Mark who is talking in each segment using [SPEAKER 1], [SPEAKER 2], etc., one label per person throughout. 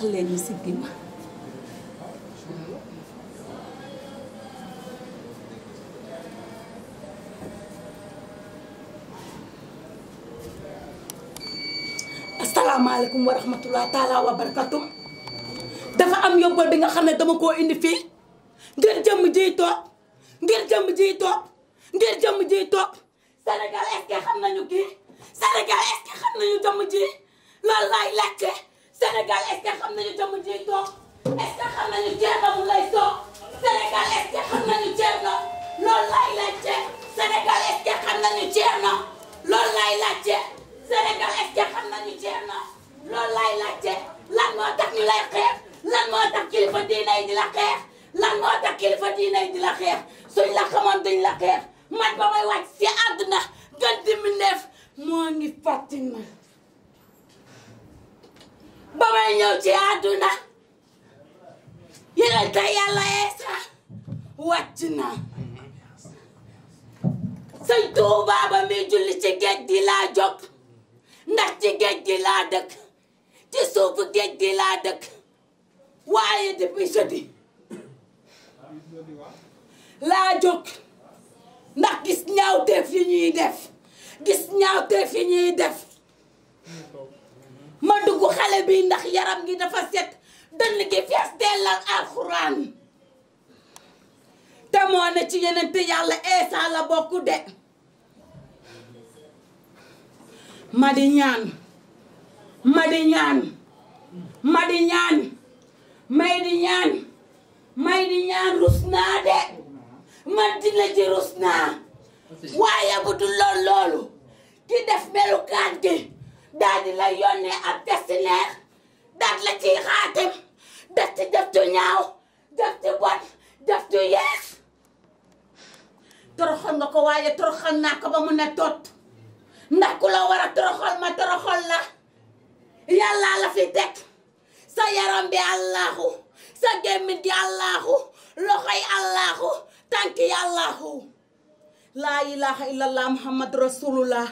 [SPEAKER 1] wax leen ñu taalaa wa dafa am yóbbal bi nga xam ne dama koo indi fii ngir jëmm jiy toog ngir jëmm jiy toog ngir jëmm jiy toog Sénégal est-ce xam nañu kii Sénégal est-ce xam nañu jëmm ji loolu laay Sénégal est-ce que xam nañu jëmm ji toog est-ce que Sénégal est-ce que xam nañu Thierno loolu laay laajte Sénégal est-ce que xam nañu Thierno loolu laay laajte Sénégal est-ce que xam nañu Thierno loolu laay laajte lan moo tax ñu lay xeex lan moo tax kilifa diine yi di la xeex lan moo tax kilifa diine yi di la xeex suñ la xamoon duñ la xeex man ba may wàcc si àdduna gën di moo ngi fàttali ba may ñëw ci àdduna yeneen te yàlla eesa wàcc na sëñ Tuuba ba mi julli ci géej gi laa jóg ndax ci géej gi laa dëkk ci suufu géej gi laa dëkk waaye depuis jeudi laa jóg ndax gis ñaawteef yi ñuy def gis ñaawteef yi ñuy def ma dugg xale bi ndax yaram gi dafa set dënn gi fees dellal alxuraan te moo ci yeneen te yàlla eesa la bokku de ma di ñaan ma di ñaan may di ñaan rus naa de man dina ci rus naa waaye bu dul loolu ki def melukaan gi daal di la yónnee ab destinaire daal la ciy xaatim def ci def ci ñaaw def ci bon def ci yees toroxal nga ko waaye toroxal naa ko ba mu ne tot ndax ku la war a toroxal ma toroxal la yàlla la fi teg sa yaram bi allahu sa gémmiñ gi allahu loxoy allahu tànk allahu laa ilaha illallah muhammad rasulullah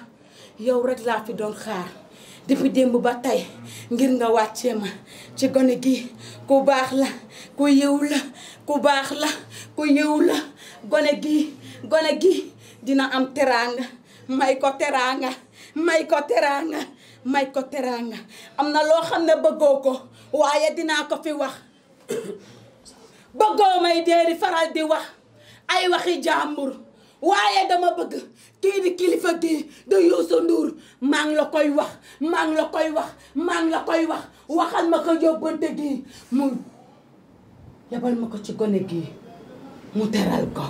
[SPEAKER 1] yow rek laa fi doon xaar depuis démb ba tey ngir nga wàccee ma ci gone gi ku baax la ku yiw la ku baax la ku yiw la gone gi gone gi dina am teraanga may ko teraanga may ko teraanga may ko teraanga am na loo xam ne bëggoo ko waaye dinaa ko fi wax bëggoo may déeri faral di wax ay waxi jàmbur waaye dama bëgg kii di kilifa gii di Youssou Ndour maa ngi la koy wax maa la koy wax maa la koy wax waxal ma ko yóbbante gii mu yabal ma ko ci gone gii mu teral ko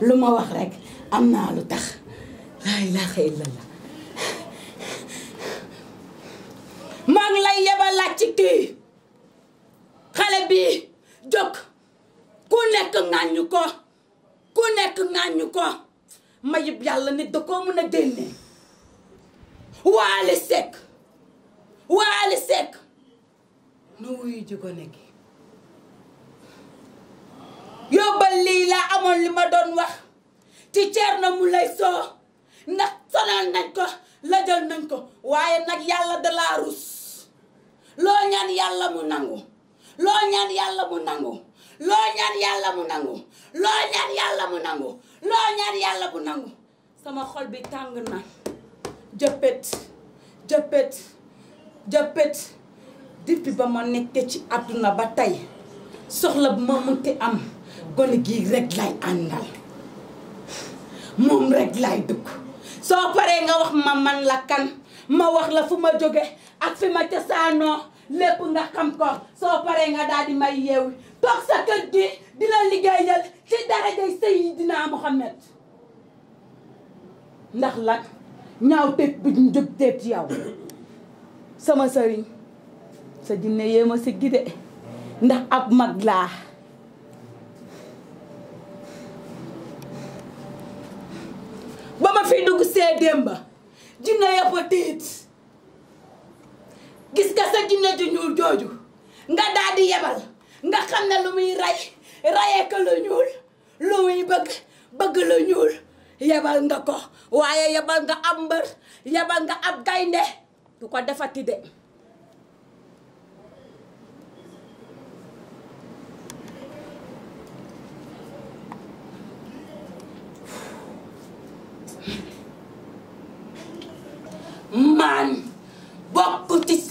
[SPEAKER 1] lu ma wax rekk am naa lu tax laa ilaaha illallah maa ngi lay yebal laaj ci kii xale bii jóg ku nekk ŋàññu ko ku nekk ŋàññu ko mayib yàlla nit da koo mën a génne waali sekk waali sekk nu wuyu ji gone yóbbal lii laa amoon li ma doon wax ci ceer na mu lay soo ndax sonal nañ ko lajal nañ ko waaye nag yàlla da laa rus loo ñaan yàlla mu nangu loo ñaan yàlla mu nangu loo ñaan yàlla mu nangu loo ñaan yàlla mu nangu loo ñaan yàlla mu nangu sama xol bi tàng na jëppët jëppët jëppët depuis ba ma nekkee ci àdduna ba tey soxla bu ma munti am gone gii rek lay àndal moom rek lay dugg soo paree nga wax ma man la kan ma wax la fu ma jóge ak fi ma cosaanoo lépp nga xam ko soo paree nga daal di may yeewu toog sa kër gi di la liggéeyal ci darajay Seydina Muhammad ndax lan ñaaw tëj bi njëg sama sëriñ sa jinne yee ma si gide ndax ab mag laa ba ma fi dugg see démb jinne yëpp a tiit gis nga sa jinne ju ñuul jooju nga daal di yebal nga xam ne lu muy ray rayee ko lu ñuul lu muy bëgg bëgg lu ñuul yebal nga ko waaye yebal nga ab mbër yebal nga ab gaynde du ko defati de maan bokk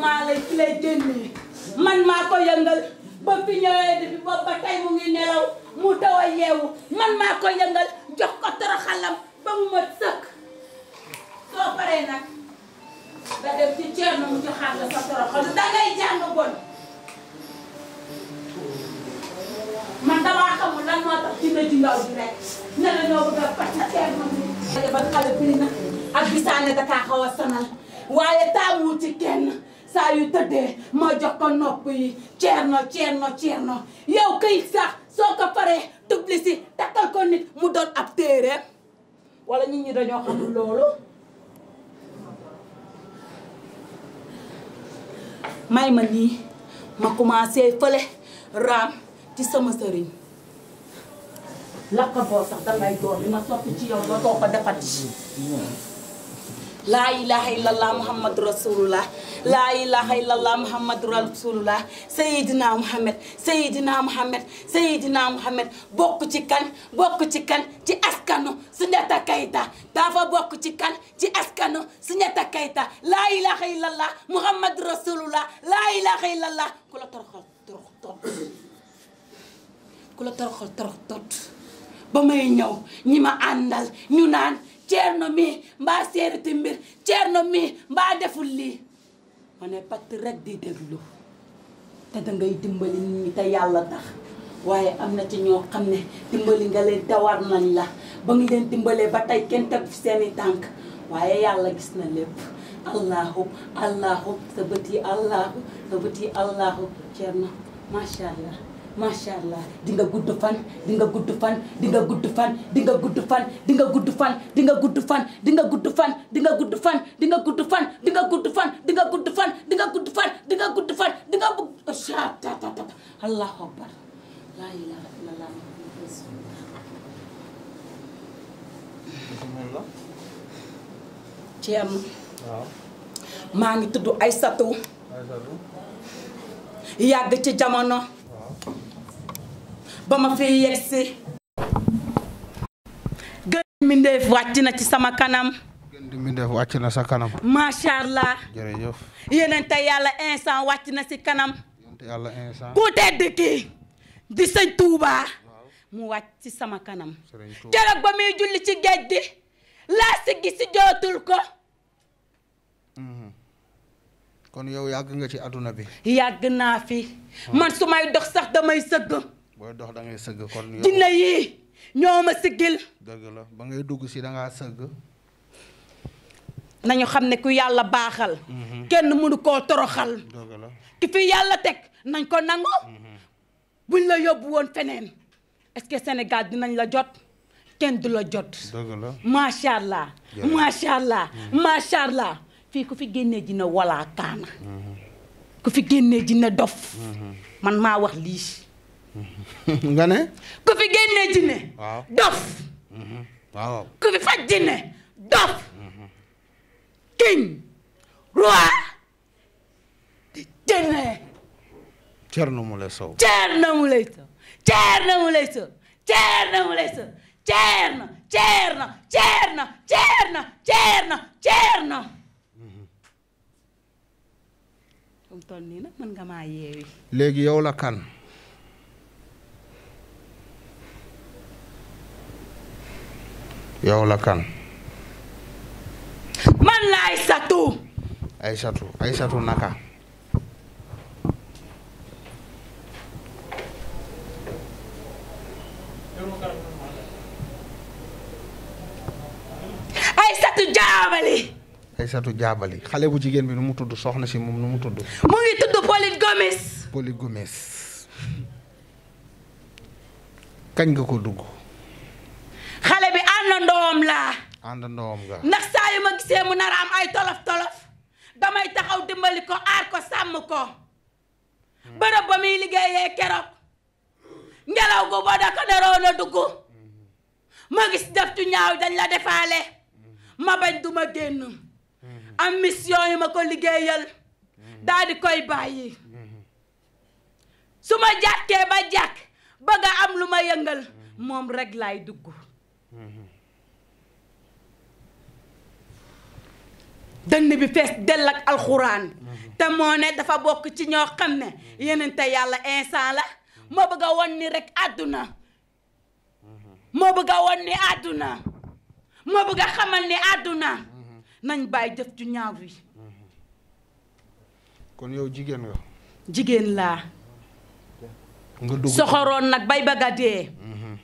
[SPEAKER 1] maa lay fi lay man maa ko yëngal ba fi ñëwee depuis boobu ba tey mu ngi nelaw mu daw a yeewu man maa ko yëngal jox ko toroxalam ba mu ma sëkk soo paree nag da dem ci Thierno mu joxaat la sa toroxal dangay jàng bon man damaa xamul lan moo tax dina ji ndaw bi rek ne la ñoo bëgg a fàttali Thierno mu. xale ba xale bi nag ak bisaane da kaa xaw a sonal waaye taamu ci kenn. saa yu tëddee ma jox ko nopp yi ceerno ceerno ceerno yow këyit sax soo ko paree tubli si takkal ko nit mu doon ab téere wala nit ñi dañoo xamul loolu may ma nii ma commencé fële raam ci sama sëriñ lakka boo sax dangay door li ma soppi ci yow ba too ko defati laa ilaha illallah muhammadu rasulullah laa ilaha illallah muhammadu rasulullah sayidina muhammad sayidina muhammad sayidina muhammad bokk ci kan bokk ci kan ci askanu Soundiata Keita dafa bokk ci kan ci askanu Soundiata Keita laa ilaha illallah muhammadu rasulullah laa ilaha illallah ku la toroxal torox tot ku la toroxal torox tot ba may ñëw ñi ma àndal ñu naan ceerno mi mbaa séeriti mbir ceerno mi mbaa deful lii ma ne patt rek di déglu te dangay dimbali nit ñi te yàlla tax waaye am na ci ñoo xam ne dimbali nga leen dawar nañ la ba ngi leen dimbalee ba tey kenn teg fi seeni tànk waaye yàlla gis na lépp allahu allahu sa bët yi allahu sa bët yi allahu ceerno macha allah macha allah di nga gudd fan di nga gudd fan di nga gudd fan di nga gudd fan di nga gudd fan di nga gudd fan di nga gudd fan di nga gudd fan di nga gudd fan di nga gudd fan di nga gudd fan di nga gudd fan di nga gudd fan di nga bëgg tatatata allahu akbar laa ilaha illallah ci am maa ngi tudd Aysatu yàgg ci jamono ba ma fi yegsi gën mbindeef wàcc na ci sama kanam
[SPEAKER 2] gën wàcc na
[SPEAKER 1] sa kanam macha allah jërëjëf yenente yàlla instant wàcc na si kanam yenente yàlla di sëñ Touba mu wàcc ci sama kanam keroog ba muy julli ci géej laa si gis si jootul
[SPEAKER 2] mhm. kon yow yàgg nga ci àdduna bi
[SPEAKER 1] yàgg naa man su may dox sax damay sëgg
[SPEAKER 2] booy dox da ngay sëgg kon. jinne
[SPEAKER 1] yi ñoo ma siggil.
[SPEAKER 2] dëgg la ba ngay
[SPEAKER 1] dugg si da ngaa sëgg. nañu xam ne ku yàlla baaxal. Mhm. kenn mënu koo toroxal. dëgg la ki fi yàlla teg nañ ko nangu. Mhm. buñ la yóbbu woon feneen est-ce que Sénégal dinañ la jot. kenn du la jot. dëgg la macha allah. macha allah mhm. macha allah. fii ku fi génnee ji na wala kaana. ku fi génnee ji na dof. man maa wax lii. nga ne. ku fi génnee jinne waaw dof.
[SPEAKER 2] Mhm. waaw
[SPEAKER 1] ku fi faj jinne dof. king roi di jinne.
[SPEAKER 2] Thierno Moule Sow. Thierno
[SPEAKER 1] Moule Sow. Thierno Moule Sow. Thierno Moule Sow. Thierno Thierno Thierno Thierno Thierno Thierno. mu toll nii nag mën nga maa yeewi.
[SPEAKER 2] léegi yow la kan. yow la kan.
[SPEAKER 1] man ay Aysatu.
[SPEAKER 2] Aysatu Aysatu naka.
[SPEAKER 1] Aysatu jaabali.
[SPEAKER 2] jaabali xale bu jigéen bi nu mu tudd soxna si moom nu mu tudd. mu ngi tudd Pauline Gomes. kañ nga ko dugg.
[SPEAKER 1] xale bi àndandoom laa. ndax saa yu ma gisee mu nar am ay tolof tolof damay taxaw dimbali ko aar ko sàmm ko. bërëb ba muy liggéeyee keroog ngelaw gu ba da ko a dugg ma gis def tu ñaaw dañ la defaale ma bañ duma génn am mission yi ma ko liggéeyal daal koy bàyyi su ma jàkkee ba jàkk bëgg a am lu ma yëngal moom rek laay dugg dënn bi fees dell ak alxuraan te moo ne dafa bokk ci ñoo xam ne yenente yàlla instant la moo bëgg a won ni rek àdduna moo bëgg xamal ni àdduna nañ bàyyi jëf ju ñaaw wi
[SPEAKER 2] kon yow jigéen la
[SPEAKER 1] jigéen laa soxoroon nag bay bëgg dee mhm.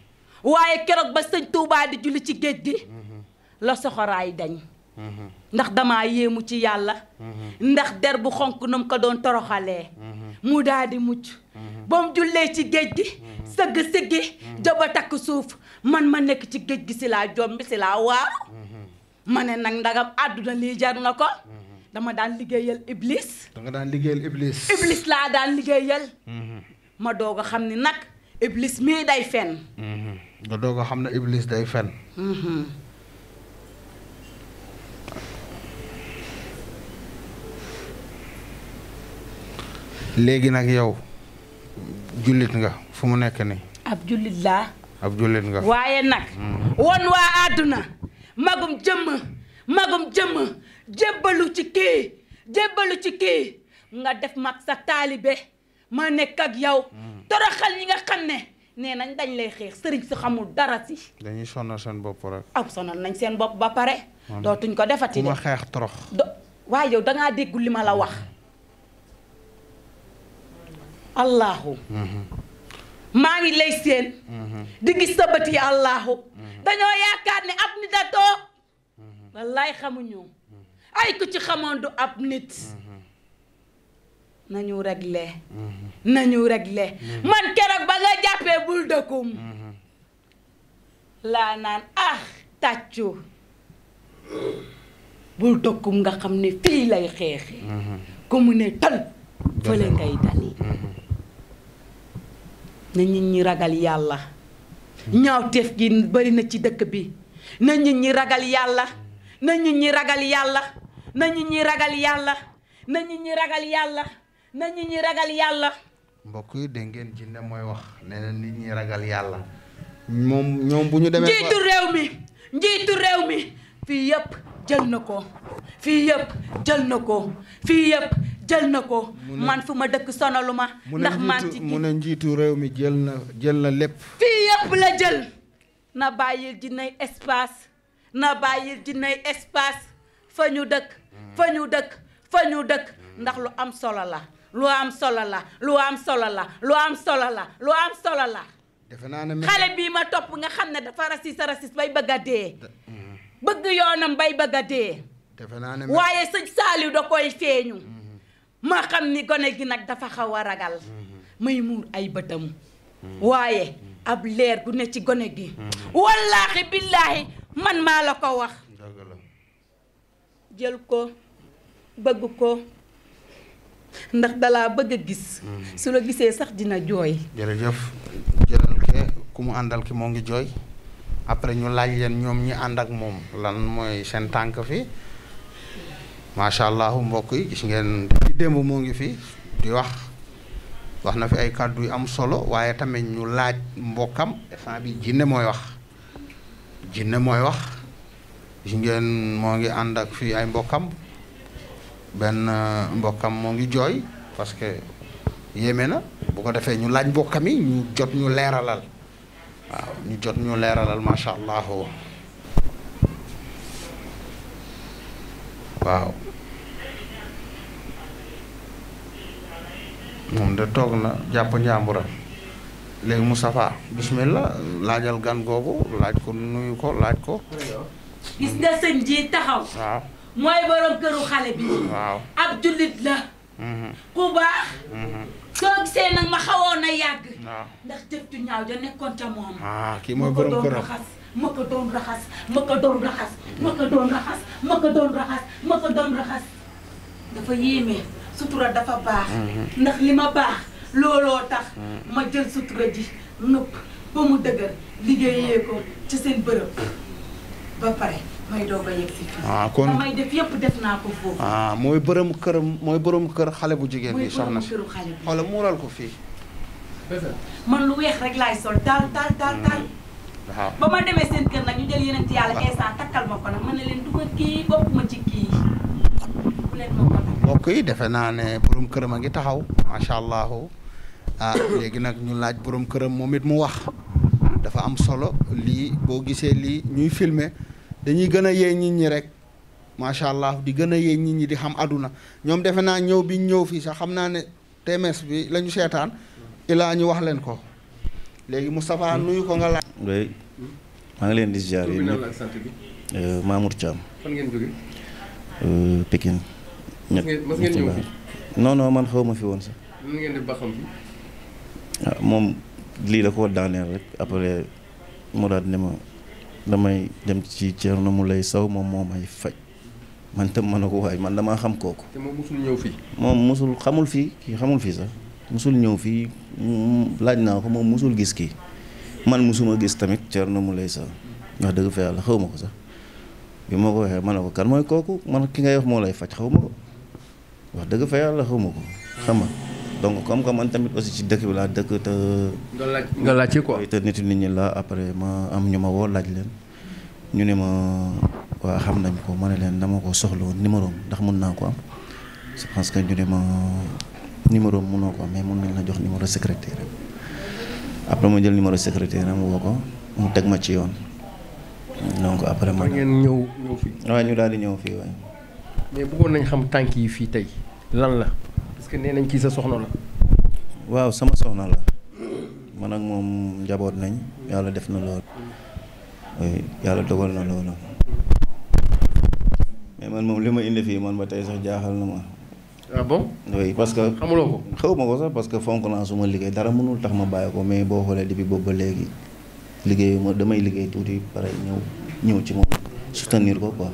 [SPEAKER 1] waaye keroog ba sëñ Tuubaa di julli ci géej gi mhm. la soxoraay dañ mhm. ndax damaa yéemu ci yàlla mm-hmm. ndax der bu xonk nam ko doon toroxalee mm-hmm. mu daal di mucc mm-hmm. ba mu jullee ci géej gi sëgg siggi joba takk suuf man ma nekk ci géej gi si laa jombi si laa waaru ma ne nag ndagam àdduna lii jar na ko dama daan liggéeyal iblis
[SPEAKER 2] danga daan liggéeyal iblis iblis
[SPEAKER 1] laa daan liggéeyal ma doog a xam ni nag iblis mii day fen
[SPEAKER 2] nga doog xam ne iblis day fen léegi nag yow jullit nga fu mu nekk nii.
[SPEAKER 1] ab jullit laa.
[SPEAKER 2] ab jullit nga. waaye nag. Hmm.
[SPEAKER 1] won waa àdduna magum jëmm magum jëmm jébbalu ci kii jébbalu ci kii nga def mag sa taalibe ma nekk ak yow. Hmm. toroxal ñi nga xam ne nee nañ dañ lay xeex sëriñ si xamul dara si.
[SPEAKER 2] dañuy sonal seen bopp
[SPEAKER 1] sonal nañ seen bopp ba pare. doo hmm. dootuñ ko defati de. ma xeex torox. do waaye yow dangaa déggul li ma la wax. allahu mm-hmm. maa ngi lay seen mm-hmm. di gis sa bët yi allahu mm-hmm. dañoo yaakaar ne ab nit a toog xamuñu ay ku ci xamoon du ab nit nañu réglé nañu réglé man keroog ba nga jàppee bul dëkkum laa naan ah tàccu bul dëkkum nga xam ni fii lay xeexi ku mu ne tël fële ngay dali na nit ñi ragal yàlla ñaawteef gi bari na ci dëkk bi na nit ñi ragal yàlla na ñi ragal yàlla na nit ñi ragal yàlla na nit ñi ragal yàlla na nit ñi ragal yàlla
[SPEAKER 2] mbokk yi dégg ngeen Jinne mooy wax nee na nit ñi ragal yàlla moom ñoom bu ñu
[SPEAKER 1] demee njiitu réew mi njiitu réew mi fii yëpp jël na ko fii yëpp jël na ko fii yëpp jël na ko man fu ma dëkk solo lu ma ndax man ci mu
[SPEAKER 2] ne njiitu réew mi jël na jël na lépp
[SPEAKER 1] fii yëpp la jël na bàyyil jinay espace na bàyyil jinay espace fa ñu dëkk fa ñu dëkk fa ñu dëkk ndax lu am solo la lu am solo la lu am solo la lu am solo la lu am solo la defe naa ne xale bii ma topp nga xam ne dafa rasis rasis bay bëgg dee bëgg yoonam bay bëgg dee
[SPEAKER 2] defe naa ne waaye
[SPEAKER 1] sëñ Saaliw da koy feeñu mm. ma xam ni gone gi nag dafa xaw a ragal may muur ay bëtam waaye ab leer gu ne ci gone gi wallaahi billaahi man maa la ko wax jël ko bëgg ko ndax dalaa bëgg a gis mm-hmm. su la gisee sax dina jooy
[SPEAKER 2] jërëjëf jëlal ke ku mu àndal ki moo ngi jooy après ñu laaj leen ñoom ñi ànd ak moom lan mooy seen tànk fi macha allah mbokk yi gis ngeen ci démb moo ngi fi di wax wax na fi ay kàddu yu am solo waaye tamit ñu laaj mbokkam instant bi jinne mooy wax jinne mooy wax gis ngeen moo ngi ànd ak fii ay mbokkam benn uh, mbokkam moo ngi jooy parce que yéeme na bu ko defee ñu laaj mbokkam yi ñu jot ñu leeralal waaw ñu jot ñu leeralal macha allah waaw moom de toog na jàpp njàmburam léegi Moustapha bismillah laajal gan googu laaj ko nuyu ko laaj ko.
[SPEAKER 1] gis nga sëñ ji taxaw. mooy borom këru xale bi. waaw ab jullit la. Mhm. ku baax. soo mhm. gisee nag ma xawoon a yàgg. ndax jëf ñaaw ja nekkoon ca moom. Ah,
[SPEAKER 2] kii mooy borom këram ma raxas
[SPEAKER 1] ma ko doon raxas ma ko doon raxas ma ko doon raxas dafa yéeme. sutura dafa baax mhm. ndax li ma baax looloo tax mhm. ma jël sutura ji nëpp ba mu dëgër liggéeyee ko ci seen bërëb ba pare may doog a yegg si fii. ah kon may def yëpp def naa ko foofu.
[SPEAKER 2] Ah, mooy borom këram mooy borom kër xale bu jigéen bi. soxna si mooy muural ko fii.
[SPEAKER 1] man lu weex rek laay sol daal daal daal daal.
[SPEAKER 3] Mhm.
[SPEAKER 1] ba ah. ma demee seen kër nag ñu jël yeneen ci yàlla ah. instant takkal ma ko nag mën na leen du kii bopp ma ci kii
[SPEAKER 2] bokk yi defe naa ne borom këram a ngi taxaw macha allah ah léegi nag ñu laaj borom këram moom it mu wax dafa am solo lii boo gisee lii ñuy filmer dañuy gën a yee nit ñi rek macha allah di gën a yee nit ñi di xam àdduna ñoom defe naa ñëw bi ñëw fii sax xam naa ne temes bi lañu seetaan ilaa ñu wax leen ko léegi Moustapha nuyu ko nga laaj.
[SPEAKER 4] maa ngi leen di ziar yéen ñëpp euh, Mamour Thiam. fan ngeen jógee. Euh, ñëpp man xaw ma fi woon sax. nan ah, moom lii da koo daaneel rek après mu daal ne damay dem ci Thierno Moulay Sow moom moo may faj man tam ma ne ko waaye man damaa xam kooku. te moom xamul fii kii xamul fii sax mosul ñëw fii laaj naa ko moom mosul gis kii man mosuma gis tamit Thierno Moulay Sow wax dëgg fa xaw ma ko sax bi ma ma ne ko kan mooy kooku man ki ngay wax moo lay faj xaw ma ko. wax dëgg fa yàlla xaw ma ko xam nga donc comme que man tamit aussi ci dëkk bi laa dëkk te. nga laaj nga laaj ci nit ñi la après ma am ñu ma woo laaj leen ñu ne ma waa xam nañ ko ma ne leen dama ko soxla woon numéro ndax mun naa ko am je pense que ñu ne ma numéro am munoo ko am mais mun nañ la jox numéro secrétaire après ma jël numéro secrétaire am woo ko mu teg ma ci yoon donc après. ma ngeen ñëw ñëw ñu daal di ñëw fii waaye. mais bëggoon nañu xam tànk yi fii tey lan la parce que nee nañ ci sa soxna la. waaw sama soxna la man ak moom njaboot nañ yàlla def na lool yàlla dogal na loolu mais man moom li ma indi fii man ba tey sax jaaxal na ma. ah bon oui parce que. xamuloo ko xaw ma ko sax parce que fonk naa su ma liggéey dara mënul tax ma bàyyi ko mais boo xoolee depuis boobu ba léegi liggéeyu damay liggéey tuuti pare ñëw ñëw ci moom soutenir ko quoi.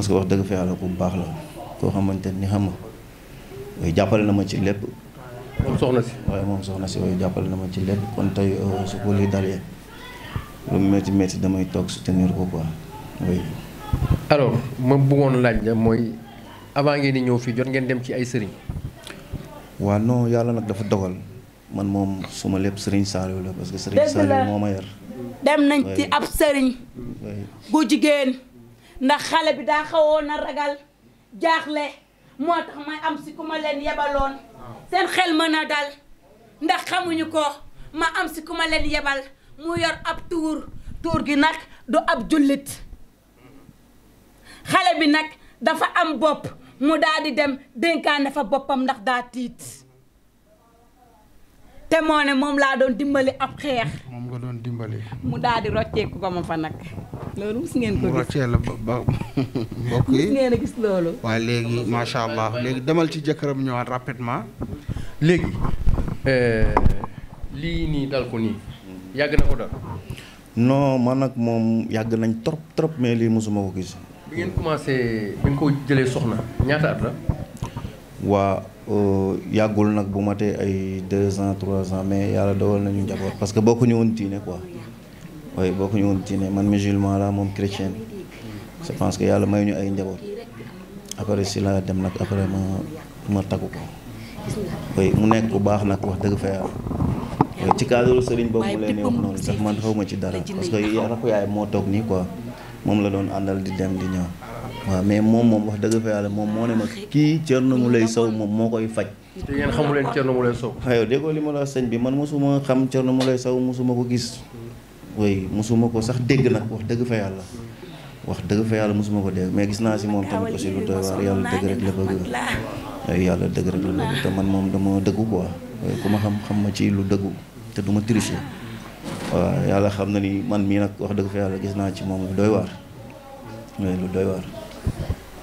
[SPEAKER 4] parce que wax dëgg fa yàlla ku baax la koo xamante ni xam nga waaye jàppale na ma ci lépp. moom soxna si waaye moom soxna si waaye jàppale na ma ci lépp kon tey euh, su ko lii dalee lu métti métti damay toog soutenir ko quoi oui.
[SPEAKER 5] alors ma bëggoon laaj la mooy avant ngeen di ñëw fii jot ngeen dem ci ay sëriñ.
[SPEAKER 4] waaw non yàlla nag dafa dogal man moom suma lépp sëriñ Saliou la parce que sëriñ Saliou moo ma yar.
[SPEAKER 1] dem nañ ci ab sëriñ. gu jigéen. ndax xale bi daa xawoon a ragal jaaxle moo tax may am si ku ma leen yebaloon seen xel ma a dal ndax xamuñu ko ma am si ku ma leen yebal mu yor ab tuur tuur gi nag du ab jullit xale bi nag dafa am bopp mu daal di dem dénkaan fa boppam ndax daa tiit te moo moom laa doon dimbali ab xeex.
[SPEAKER 2] moom nga doon dimbali.
[SPEAKER 1] mu daal di rocceeku ba ma fa nag. loolu mu
[SPEAKER 2] roccee la ba ba ngeen a gis loolu. waaw léegi macha allah léegi demal ci jëkkëram ñëwaat rapidement. léegi eh,
[SPEAKER 5] lii nii dal ko nii yàgg na ko dal.
[SPEAKER 2] non man nag
[SPEAKER 4] moom yàgg nañ trop trop mais lii mosuma ko gis.
[SPEAKER 5] bi ngeen commencé bi nga ko jëlee soxna ñaata at la.
[SPEAKER 4] waa Euh, yàggul nag bu matee ay deux ans trois ans mais yàlla dogal nañu njaboot parce que ñu woon diine ko waaye bokkuñu woon diine man musulman la moom chrétien je pense que yàlla may ñu ay njaboot après si la dem nag après ma ma takku ko waaye mu nekk bu baax nag wax dëgg fa yàlla waaye ci cadre sëriñ boobu mu leen di wax noonu sax man xawma ci dara parce que yàlla ko yaay moo toog nii quoi moom la doon àndal di dem di ñëw waaw mais moom moom wax dëgg fa yàlla moom moo ne ma kii na mu lay Sow moom moo koy faj. te ngeen xamu leen Thierno Mouleye Sow. aywa ah, déggoo li ma la bi man mosuma xam Thierno Mouleye Sow mosuma ko gis. oui mosuma sax dégg nag wax dëgg fa yàlla. wax dëgg fa yàlla ko dégg mais gis naa si moom tamit lu doy waar yàlla dëgg rek yàlla dëgg rek te man moom dama dëggu quoi. ma xam xam ma ci lu dëggu te du ma tricher. yàlla xam na ni man mii nag wax dëgg fa yàlla gis naa ci moom lu doy waar. lu doy waar.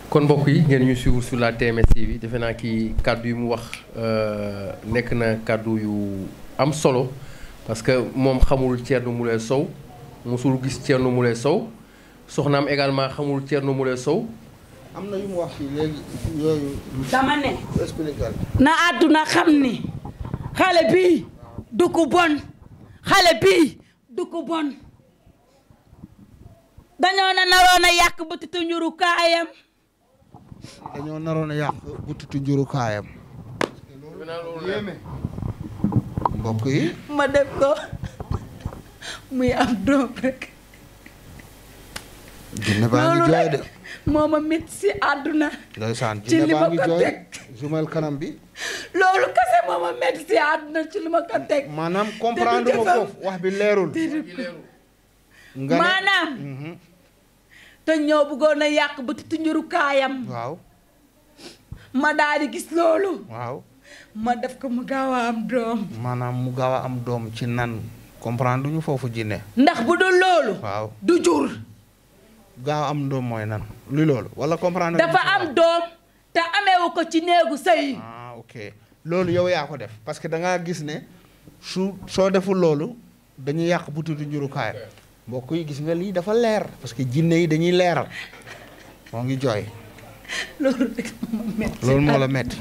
[SPEAKER 4] kon mbokk yi ngeen ñu suivre
[SPEAKER 5] sur la TMS TV defe naa ki kàddu yu mu wax euh, nekk na kàddu yu am solo parce que moom xamul Thierno Moule Sow mosul gis Thierno Moule Sow soxnaam également xamul Thierno Moule Sow.
[SPEAKER 2] am na mu wax fii
[SPEAKER 1] dama ne. na àdduna xam ni xale bii du bon xale bii du bon. dañoo na naroon a yàq butitu njurukaayam.
[SPEAKER 2] dañoo naroon a yàq butitu njurukaayam. mbokk yi.
[SPEAKER 1] ma def ko muy am doom rek.
[SPEAKER 2] jinne baa ngi jooy de
[SPEAKER 1] moo ma si àdduna.
[SPEAKER 2] ndeysaan jinne baa ngi jooy jumal kanam bi.
[SPEAKER 1] loolu kese moo ma métti si àdduna ci li
[SPEAKER 2] ma ko maanaam comprendre ma maanaam
[SPEAKER 1] mhm. te ñoo bëggoon yàq ba tunjuru kaayam waaw ma daal di gis loolu waaw ma def ko mu gaaw a am doom
[SPEAKER 2] maanaam mu gaaw a am doom ci nan comprendre duñu foofu jinne ndax bu dul loolu waaw du jur gaaw am doom mooy nan lu loolu wala comprendre dafa am doom
[SPEAKER 1] te ameewu ko ci néegu sëy
[SPEAKER 2] ah ok loolu yow yaa ko def parce que da ngaa gis ne su soo deful loolu dañuy yàq butitu njurukaay mbokk yi gis nga lii dafa leer parce que jinne yi dañuy leeral moo ngi jooy.
[SPEAKER 1] loolu rek loolu moo la metti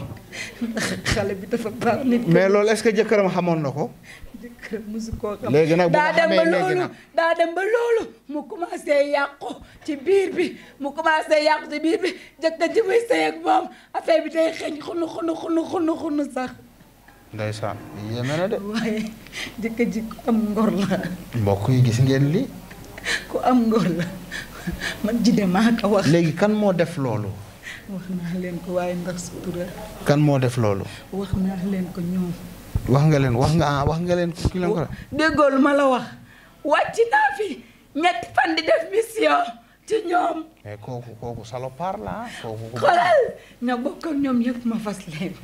[SPEAKER 1] xale bi dafa baax nit mais
[SPEAKER 2] loolu est-ce xamoon
[SPEAKER 1] na ko. jëkkëram daa dem ba loolu mu commencé yàqu ci biir bi mu commencé yàqu ci biir bi jëkkër ji muy sëy ak moom affaire bi day xeeñ xunu xunu xunu xunu sax.
[SPEAKER 2] ndeysaan yéeme na de.
[SPEAKER 1] waaye jëkkër ji ku am ngor la.
[SPEAKER 2] mbokk yi gis ngeen li
[SPEAKER 1] ku am ngor la
[SPEAKER 2] man jide maa ko wax. léegi kan moo def loolu.
[SPEAKER 1] wax naa leen ko moo def loolu. wax ñoom.
[SPEAKER 2] wax nga leen wax nga wax nga leen ko ki
[SPEAKER 1] ma la wax wàcc naa fi ñetti fan di def mission ci ñoom.
[SPEAKER 2] Eh, kooku kooku salopard la ah. kooku xoolal
[SPEAKER 1] ña bokk ñoom yépp ma fas leen.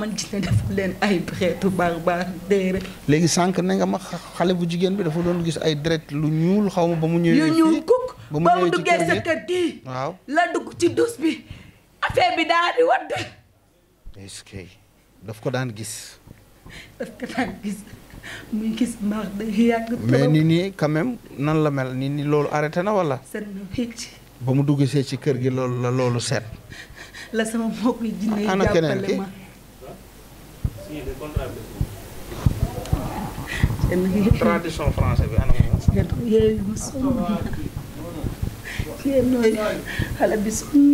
[SPEAKER 1] man jine dafa leen
[SPEAKER 2] ay bëreetu barbar déere léegi sànq ne nga ma xale bu jigéen bi dafa doon gis ay deret lu ñuul xaw ma ba mu ñëwee. yu ñuul kuk ba mu duggee sa
[SPEAKER 1] kër gi waaw la dugg ci dus bi affaire bi daal di wadd
[SPEAKER 2] est-ce que daf ko daan gis
[SPEAKER 1] daf ko daan gis muy gis mar de yàgg mais ni
[SPEAKER 2] nii quand même nan la mel ni ni loolu arrêté na wala
[SPEAKER 1] set na xicc
[SPEAKER 2] ba mu dugg see ci kër gi loolu la loolu seet
[SPEAKER 1] la sama mbokk yi jinne yi jàppale ma
[SPEAKER 2] tradition français
[SPEAKER 1] bi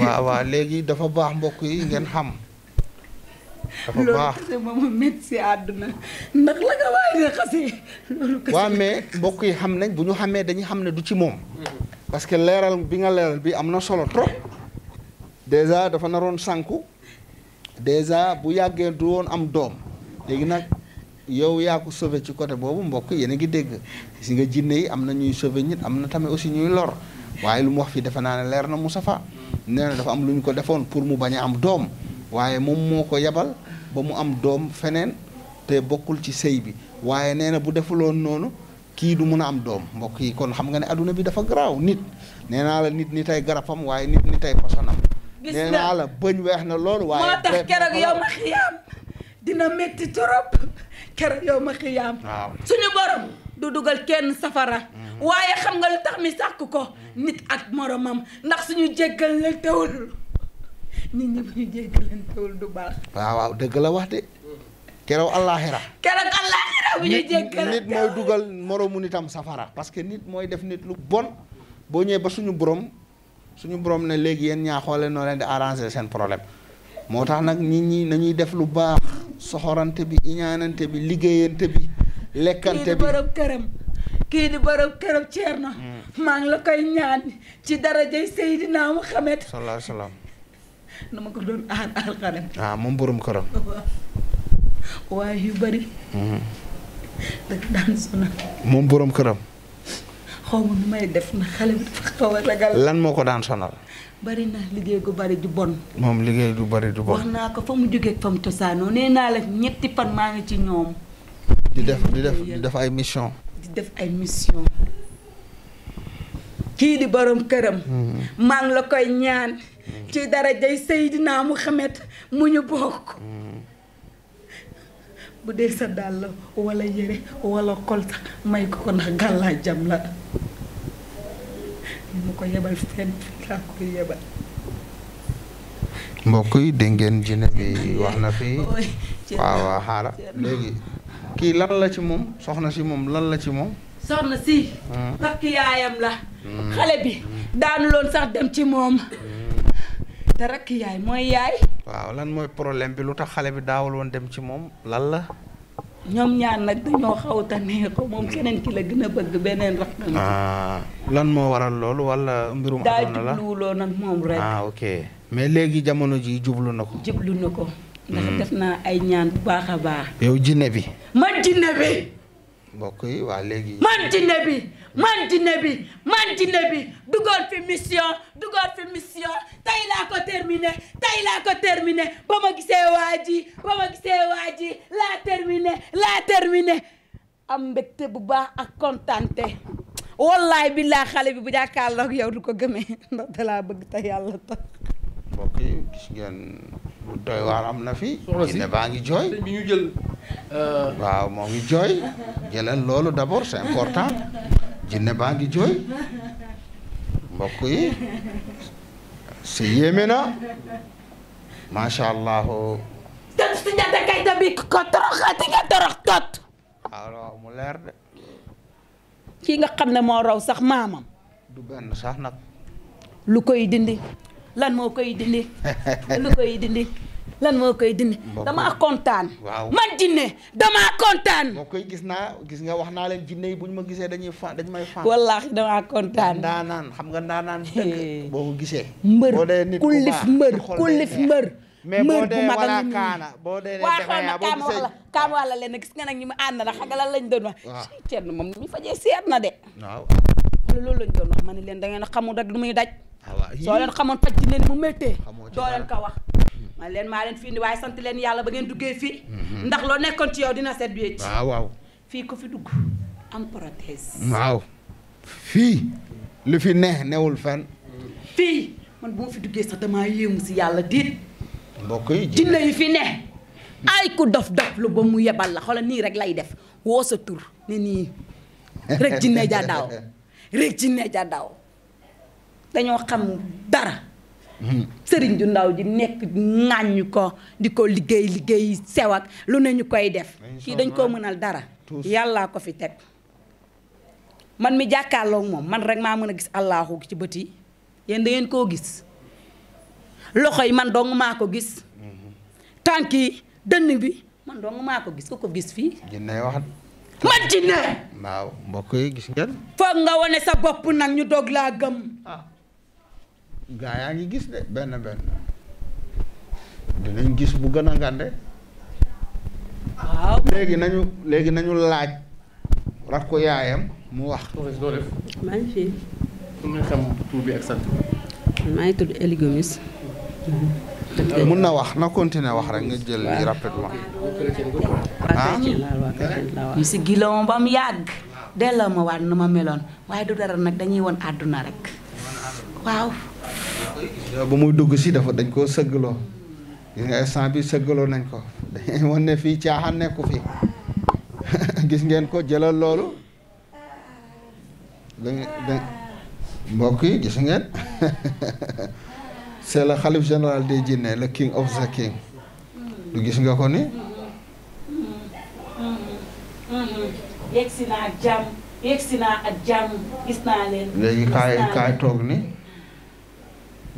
[SPEAKER 1] waaw
[SPEAKER 2] waaw léegi dafa baax mbokk yi ngeen xam. dafa baax loolu
[SPEAKER 1] kese moomu métti si àdduna ndax la nga waay nga xasee loolu
[SPEAKER 2] kese mbokk yi xam nañ bu ñu xamee dañuy xam ne du ci moom. parce que leeral bi nga leeral bi am na solo trop. déjà dafa naroon sànku. dèjà bu yàggee du woon am doom léegi nag yow yaa ko sauvé ci côté boobu mbokk yéen a ngi dégg si nga jinne yi am na ñuy sauvé nit am na tamit aussi ñuy lor waaye lu mu wax fii defe naa ne leer na Moustapha nee dafa am lu ñu ko defoon pour mu bañ a am doom waaye moom moo ko yebal ba mu am doom feneen te bokkul ci sëy bi waaye nee na bu defuloon noonu kii du mun a am doom mbokk yi kon xam nga ne àdduna bi dafa garaaw nit nee naa la nit ni tey garabam waaye nit ni tey posonam gis nee
[SPEAKER 1] naa la bëñ weex na loolu. waaye moo tax keroog yow ma xiyaam dina métti trop keroog yow ma xiyaam. suñu borom du dugal kenn safara. Mhm. waaye xam nga lu tax mi sàkk ko mhm. nit ak moromam ndax suñu jéggal la tewul nit ñi bu ñu jéggalantewul du baax.
[SPEAKER 2] waaw waaw dëgg la wax de. keroog àllaaxira.
[SPEAKER 1] keroog àllaaxira bu ñu jéggalante nit mooy
[SPEAKER 2] dugal moromu nitam safara. parce que nit mooy def nit lu bon boo ba suñu borom. suñu borom na léegi yéen ñaa xoole noo leen di arranger seen problème moo tax nag nit ñi nañuy def lu baax soxorante bi iñaanante bi liggéeyante bi lekkante bi
[SPEAKER 1] kii di borom këram Thierno. Hmm. maa ngi la koy ñaan ci darajay Seydina Muhammad.
[SPEAKER 2] sallallahu alayhi wa sallam. na ma ko doon ah, moom borom këram. waaye yu hmm. moom borom këram.
[SPEAKER 1] xaw ma nu may def na xale bi dafa xaw a ragal. lan
[SPEAKER 2] moo ko daan sonal.
[SPEAKER 1] bari na liggéey gu bari du bon.
[SPEAKER 2] moom liggéey du bari du bon. wax
[SPEAKER 1] naa ko fa mu jógee fa mu cosaanoo nee naa la ñetti fan maa ngi ci ñoom.
[SPEAKER 2] di def di def di def ay mission.
[SPEAKER 1] di def ay mission. kii di borom këram. Mm-hmm. maa ngi la koy ñaan. ci darajay Seydina Muhammad mu ñu bokk. Mm-hmm. bu dee sa dàll wala yére wala kolta may ko ko ndax gàllaa la ñu ma ko yebal fenn fii laa koy yebal
[SPEAKER 2] mbokk yi dégg ngeen jinne bi wax na fi
[SPEAKER 1] waaw waaw
[SPEAKER 2] léegi kii lan la ci moom soxna si moom lan la ci moom
[SPEAKER 1] soxna si rakk hmm. yaayam la hmm. xale bi hmm. daanu loon sax dem ci moom te rakk yaay mooy yaay
[SPEAKER 2] waaw lan mooy problème bi lu tax xale bi daawul woon dem ci moom lan la.
[SPEAKER 1] ñoom ñaar nag dañoo xaw tane ko moom keneen ki la gën a bëgg beneen rax na.
[SPEAKER 2] Ah, lan moo waral loolu wala mbirum. amoon la daa
[SPEAKER 1] jubluwuloo nag moom rek. Ah,
[SPEAKER 2] ok mais léegi jamono ji jublu na ko. jublu na ko. Hmm. ndax def
[SPEAKER 1] naa ay ñaan bu baax a baax.
[SPEAKER 2] yow jinne bi.
[SPEAKER 1] man jinne bi.
[SPEAKER 2] mbokk yi waa léegi.
[SPEAKER 1] man jinne bi. mandina bi mandina bi dugal fi mission dugal fi mission tey laa ko terminé tey laa ko terminé ba ma gisee waa ji ba ma gisee waa laa terminé laa terminé am mbégte bu baax ak kontaante wallaay billaa xale bi bu jàkkaarloo ak yow du ko gëmee ndax dalaa bëgg te yàlla
[SPEAKER 3] mbokk
[SPEAKER 2] yi am na fi. baa ngi jooy. bi ñu jël.
[SPEAKER 6] Euh, waaw
[SPEAKER 2] moo ngi jooy jëlal loolu d'abord c'est important jinne baa ngi jooy mbokk yi si yéeme na macha allah. Ah, mu leer
[SPEAKER 1] kii nga xam ne moo raw sax maamam. du benn sax nag. lu koy dindi. lan moo koy dindi lu koy dindi lan moo koy dindi dama kontaan waaw man jinne damaa kontaan moo koy gis naa gis nga wax naa leen jinne yi bu ñu ma gisee dañuy fan dañ may fan wallaahi
[SPEAKER 2] damaa kontaan ndaanaan xam nga ndaanaan dëgg boo ko gisee mbër kullif mbër kullif mbër mais boo dee wala kaana boo dee ne defaya boo gisee waaw
[SPEAKER 1] kaana wala leen gis nga nag ñi mu ànd na xagalal lañ doon wax. waaw seet na moom ñu fajee seet na de waaw jaaxle loolu la doon wax ma ne leen dangeen ngeen a xamul rek lu muy daj.
[SPEAKER 3] Ah, soo leen xamoon
[SPEAKER 1] faj ci leen mu méttee. doo leen ko wax. Hmm. ma leen maa leen fi indi waaye sant leen yàlla ba ngeen duggee fii. Hmm. ndax loo nekkoon ci yow dina seet bi ci. fii ko fi dugg am prothèse.
[SPEAKER 2] lu fi ne newul fenn.
[SPEAKER 1] fii fi duggee sax damaa yéemu si yàlla diit. mbokk yi jinne fi ne. ay ku dof dof lu ba mu yebal la xoolal nii rek lay def woo sa tur ne nii rek jinne ja rek ci neja daw dañoo xam dara sëriñ ju ndaw di nekk ŋàññu ko di ko liggéey liggéey sew lu ne ñu koy def kii dañ koo mënal dara yàllaa ko fi teg man mi jàkkaarloog moom man rek maa mën a gis allahu ci bët yi yéen da koo gis loxo yi man dong maa ko gis mhm. tànk dënn bi man dong maa ko gis ku ko gis fii ma jinne
[SPEAKER 2] mbokk yi gis ngeen
[SPEAKER 1] foog nga wane sa bopp nag ñu doog laa gëm ah.
[SPEAKER 2] gaa yaa ngi gis de benn benn dinañ gis bu gën a ngande waaw léegi nañu léegi nañu laaj rak ko yaayam mu wax maa ngi xam tur ak sant
[SPEAKER 7] maa ngi tudd Eli Euh, mun na wax
[SPEAKER 2] na continuer wax rek nga jël li rapidement
[SPEAKER 7] mu ah?
[SPEAKER 1] si gilawoon ba mu yàgg delloo ma waat na ma meloon waaye du dara nag dañuy woon àdduna rek waaw
[SPEAKER 2] ba muy dugg si dafa dañ koo sëggaloo gis nga instant bi sëggaloo nañ ko dañuy woon ne fii caaxaan nekku fi gis ngeen ko jëlal loolu da mbokk yi gis ngeen c'est le xalif général de jinne le king of the king
[SPEAKER 3] du mm-hmm. gis nga ko ni mm-hmm.
[SPEAKER 1] mm-hmm. yegsi
[SPEAKER 3] léegi kaay kaay
[SPEAKER 2] toog ni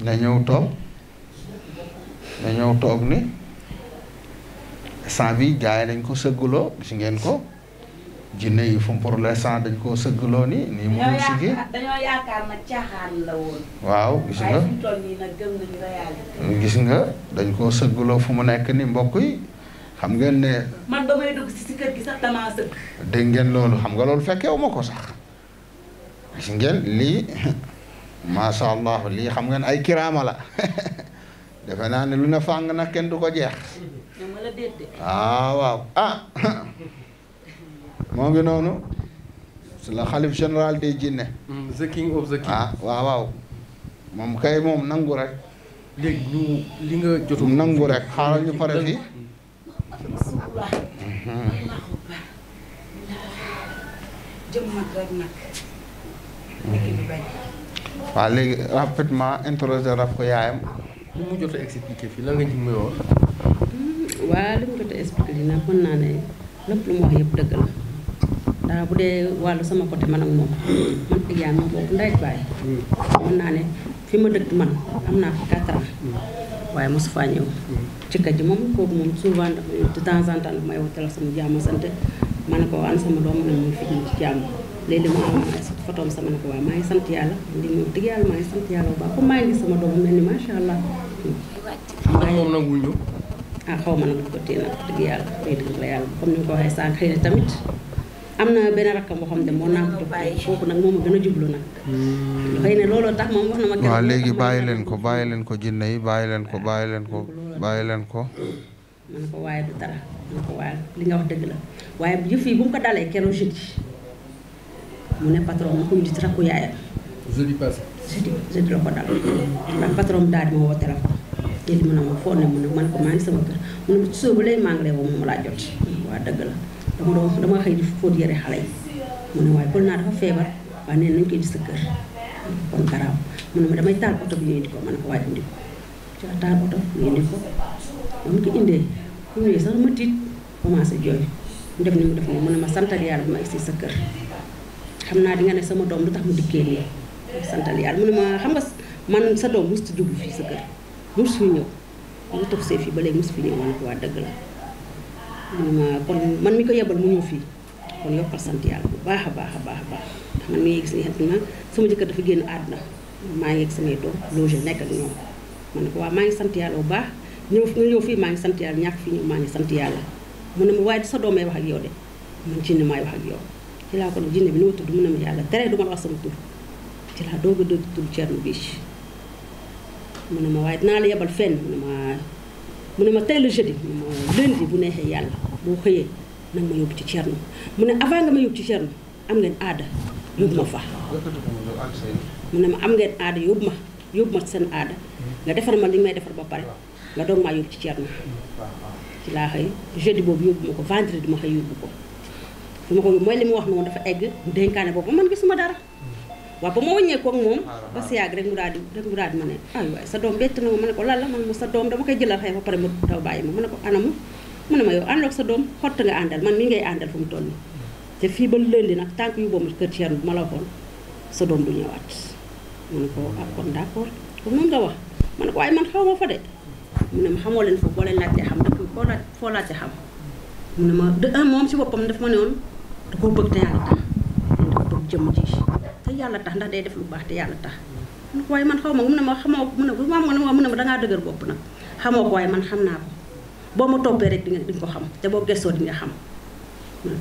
[SPEAKER 2] na ñëw toog na ñëw toog ni sant bi gars yi dañ ko sëgguloo gis ngeen ko jinne yi fu pour l'instant dañ koo sëggloo ni nii mënul siggi
[SPEAKER 1] dañoo yaakaar na
[SPEAKER 2] waaw gis nga gis nga dañ koo sëggloo fu mu nekk ni mbokk yi xam ngeen ne man ngeen loolu xam nga loolu fekkewu ma ko sax gis ngeen lii macha allah lii xam ngeen ay kiraama la defe naa ne lu ne fàng nag kenn du ko jeex waaw ah, waaw
[SPEAKER 1] ah
[SPEAKER 2] moo ngi noonu su la xalif général des jinne mm, the king of ah, waaw waaw moom kay moom nangu rek li nga jotu nangu rek xaaral ñu pare fii mm-hmm. waaw léegi rapidement interroger raf ko yaayam li mu jot a
[SPEAKER 7] fii lan nga ci muy wax mm, li mu jot a expliqué dina mën naa ne lépp lu yëpp dëgg ndax bu dee wàllu sama côté man ak moom man ak moom boobu ndey baay mën naa ne fi ma dëkk man am naa fi quatre waaye mosu faa ñëw ci kër ji moom kooku moom souvent de temps en temps may wooteel sama doom mu ne mu fi ci jàmm sama ne ko waaw maa ngi sant yàlla li dëgg yàlla maa ngi sant yàlla sama doom macha allah. ndax moom nanguwul ah, xaw ma nag ko téye nag dëgg yàlla koy dëgg la yàlla comme ni nga ko waxee sànq xëy na tamit. am na benn rakkam boo xam ne moo nàmp bàyyi kooku nag moom a gën a jublu nag.
[SPEAKER 3] Hmm. xëy na looloo
[SPEAKER 7] tax moom wax na ma. léegi bàyyi leen ko
[SPEAKER 2] bàyyi leen ko jinne bàyyi leen ko bàyyi leen ko bàyyi leen ko.
[SPEAKER 7] ma waaye du dara li nga wax dëgg la waaye yëf yi bu mu ko ne patron mu ne ko maa ngi sama kër mu ne soo bu lay maa ngi lay laa jot waaw dëgg la. dama doon dama xëy di fóot yëre xale yi mu ne waaye Paul naa dafa feebar waaye nee nañ koy di sa kër kon garaaw mu ne ma damay taal oto bi ñu indi ko ma ne ko waaye indi ko ci la taal mu ko indee mu ne ma tiit commencé jooy mu def mu def nii mu ne ma santal yàlla bi ma egsi sa kër xam naa di nga ne sama doom lu tax mu dikkee nii santal yàlla ma xam nga man sa doom mosut a jublu fii sa kër mosut fi ñëw mu ngi fii ba léegi mosut fi ko waa dëgg la. man kon euh, man mi ko yebal mu ñëw fii kon yokkal sant yàlla bu baax a baax a baax a baax ndax man mi ngi gis ne xam naa sama jëkkër dafa génn àdduna maa ngi ak samay doom loge ne ko waaw maa ngi sant yàlla bu baax ñëw fii maa ngi sant yàlla ñàkk fii ñëw maa ngi sant yàlla mu ne ma waaye sa doomee wax ak yow de man jinne maay wax ak yow ci laa ko ne jinne bi ni ma tudd mu ne ma yàlla tere du ma wax sama tur ci laa doog a dëgg tudd Thierno Biche mu ne ma waaye dinaa la mu ne ma tey la jeudi lundi bu neexee yàlla boo xëyee nag ma yóbbu ci Thierno mu ne avant nga ma yóbbu ci Thierno am ngeen aada yóbbu ma fa. mu ne ma am ngeen aada yóbbu ma yóbbu ma seen aada nga defar ma li may defar ba pare nga doog maa yóbbu ci Thierno. ci laa xëy jeudi boobu yóbbu ma ko vendredi ma xëy yóbbu ko fi ma ko mooy li mu wax noonu dafa egg mu dénkaane boobu man ma dara. waaw ba ma wàññeekoo ak moom ba si yàgg rek mu daal di rek mu daal di ma ne ay waay sa doom bett na ma ne ko lan la man sa doom koy jëlal xëy ba pare ma daw bàyyi ma ko sa doom xott nga àndal man mi ngay àndal fu mu toll te fii ba lëndi nag tànk yu boobu kër Thierno ma la waxoon sa doom ko ah kon d'accord comme noonu nga wax ma waaye man xaw ma fa de mu ne ma xamoo leen foofu boo leen laajtee xam dëkk foo laaj foo laajtee xam mu ne ma de un ah, moom si boppam daf ma ne woon da koo bëgg te yàlla tax jëmm ji te yàlla tax ndax day def lu baax te yàlla tax waaye man xaw ma mun na ma xamoo mun na ma mun na ma dangaa dëgër bopp nag xamoo ko waaye man xam naa ko boo ma toppee rek di di ko xam te boo gëstoo di nga xam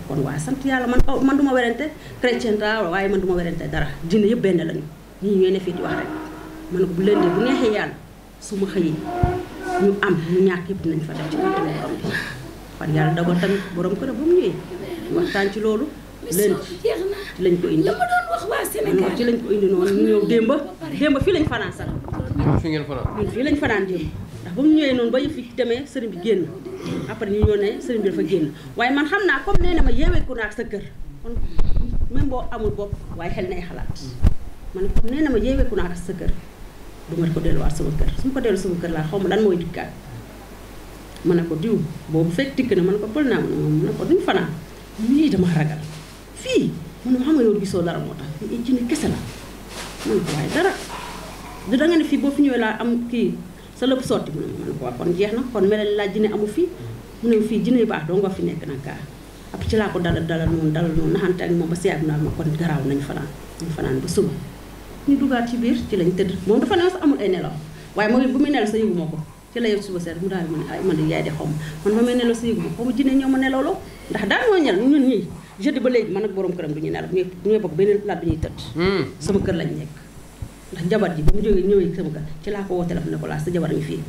[SPEAKER 7] kon waa sant yàlla man man du ma werante chrétien daa waaye man du ma werante dara diine yëpp benn lañu ñii ñooy ne fii di wax rek man ko bu lëndee bu neexee yàlla su ma xëyee ñu am ñu ñàkk yëpp dinañ fa def ci kàttanu borom bi kon yàlla dogal tamit borom kër ba mu ñëwee waxtaan ci loolu. leen ci lañ ko indi la ma doon wax waa Sénégal ci lañ ko indi noonu ñu ñëw démba démba fii lañ fanaan sax fi ngeen fii lañ fanaan démb ndax ba mu ñëwee noonu ba yëf yi demee sëriñ bi génn après ñu ñoo ne sëriñ bi dafa génn waaye man xam naa comme nee ma yeeweeku naa ak sa kër kon boo amul bopp waaye xel nay xalaat man comme nee ma yeeweeku naa ak sa kër du ma ko delluwaat sama kër su ko dellu sama kër laa xaw ma lan mooy dikkaat ma ne ko diw boobu fekk dikk na ma ko pël naa ma ne ko fii mu ne ma xam nga yow gisoo dara moo tax fii ay mu ne fii boo fi ñëwee am kii sa lépp kon jeex na kon melal laa jinne amu fi mu fii jinne yu baax doo fi nekk nag gaa ah. ab ci laa ko dalal dalal noonu dalal noonu moom ba si yàgg kon garaaw nañu fanaan nañu fanaan ba ci biir ci lañ tëdd moom dafa ne amul nelaw waaye mooy bu muy nelaw sa ko ci la yow suba seet mu daal mu ay man de yaay de xaw ma man ba muy nelaw sa yëgu ma jinne ñoo ma nelawloo ndax daal moo ñel ñun ñii jeudi ba léegi man ak borom këram du ñu nelaw ñu ñooy bokk beneen plat bi ñuy tëdd hmm. sama kër lañ nekk ndax jabar ji bu mu jógee ci laa ko woo téléphone ne ko laa sa jabar ngi fii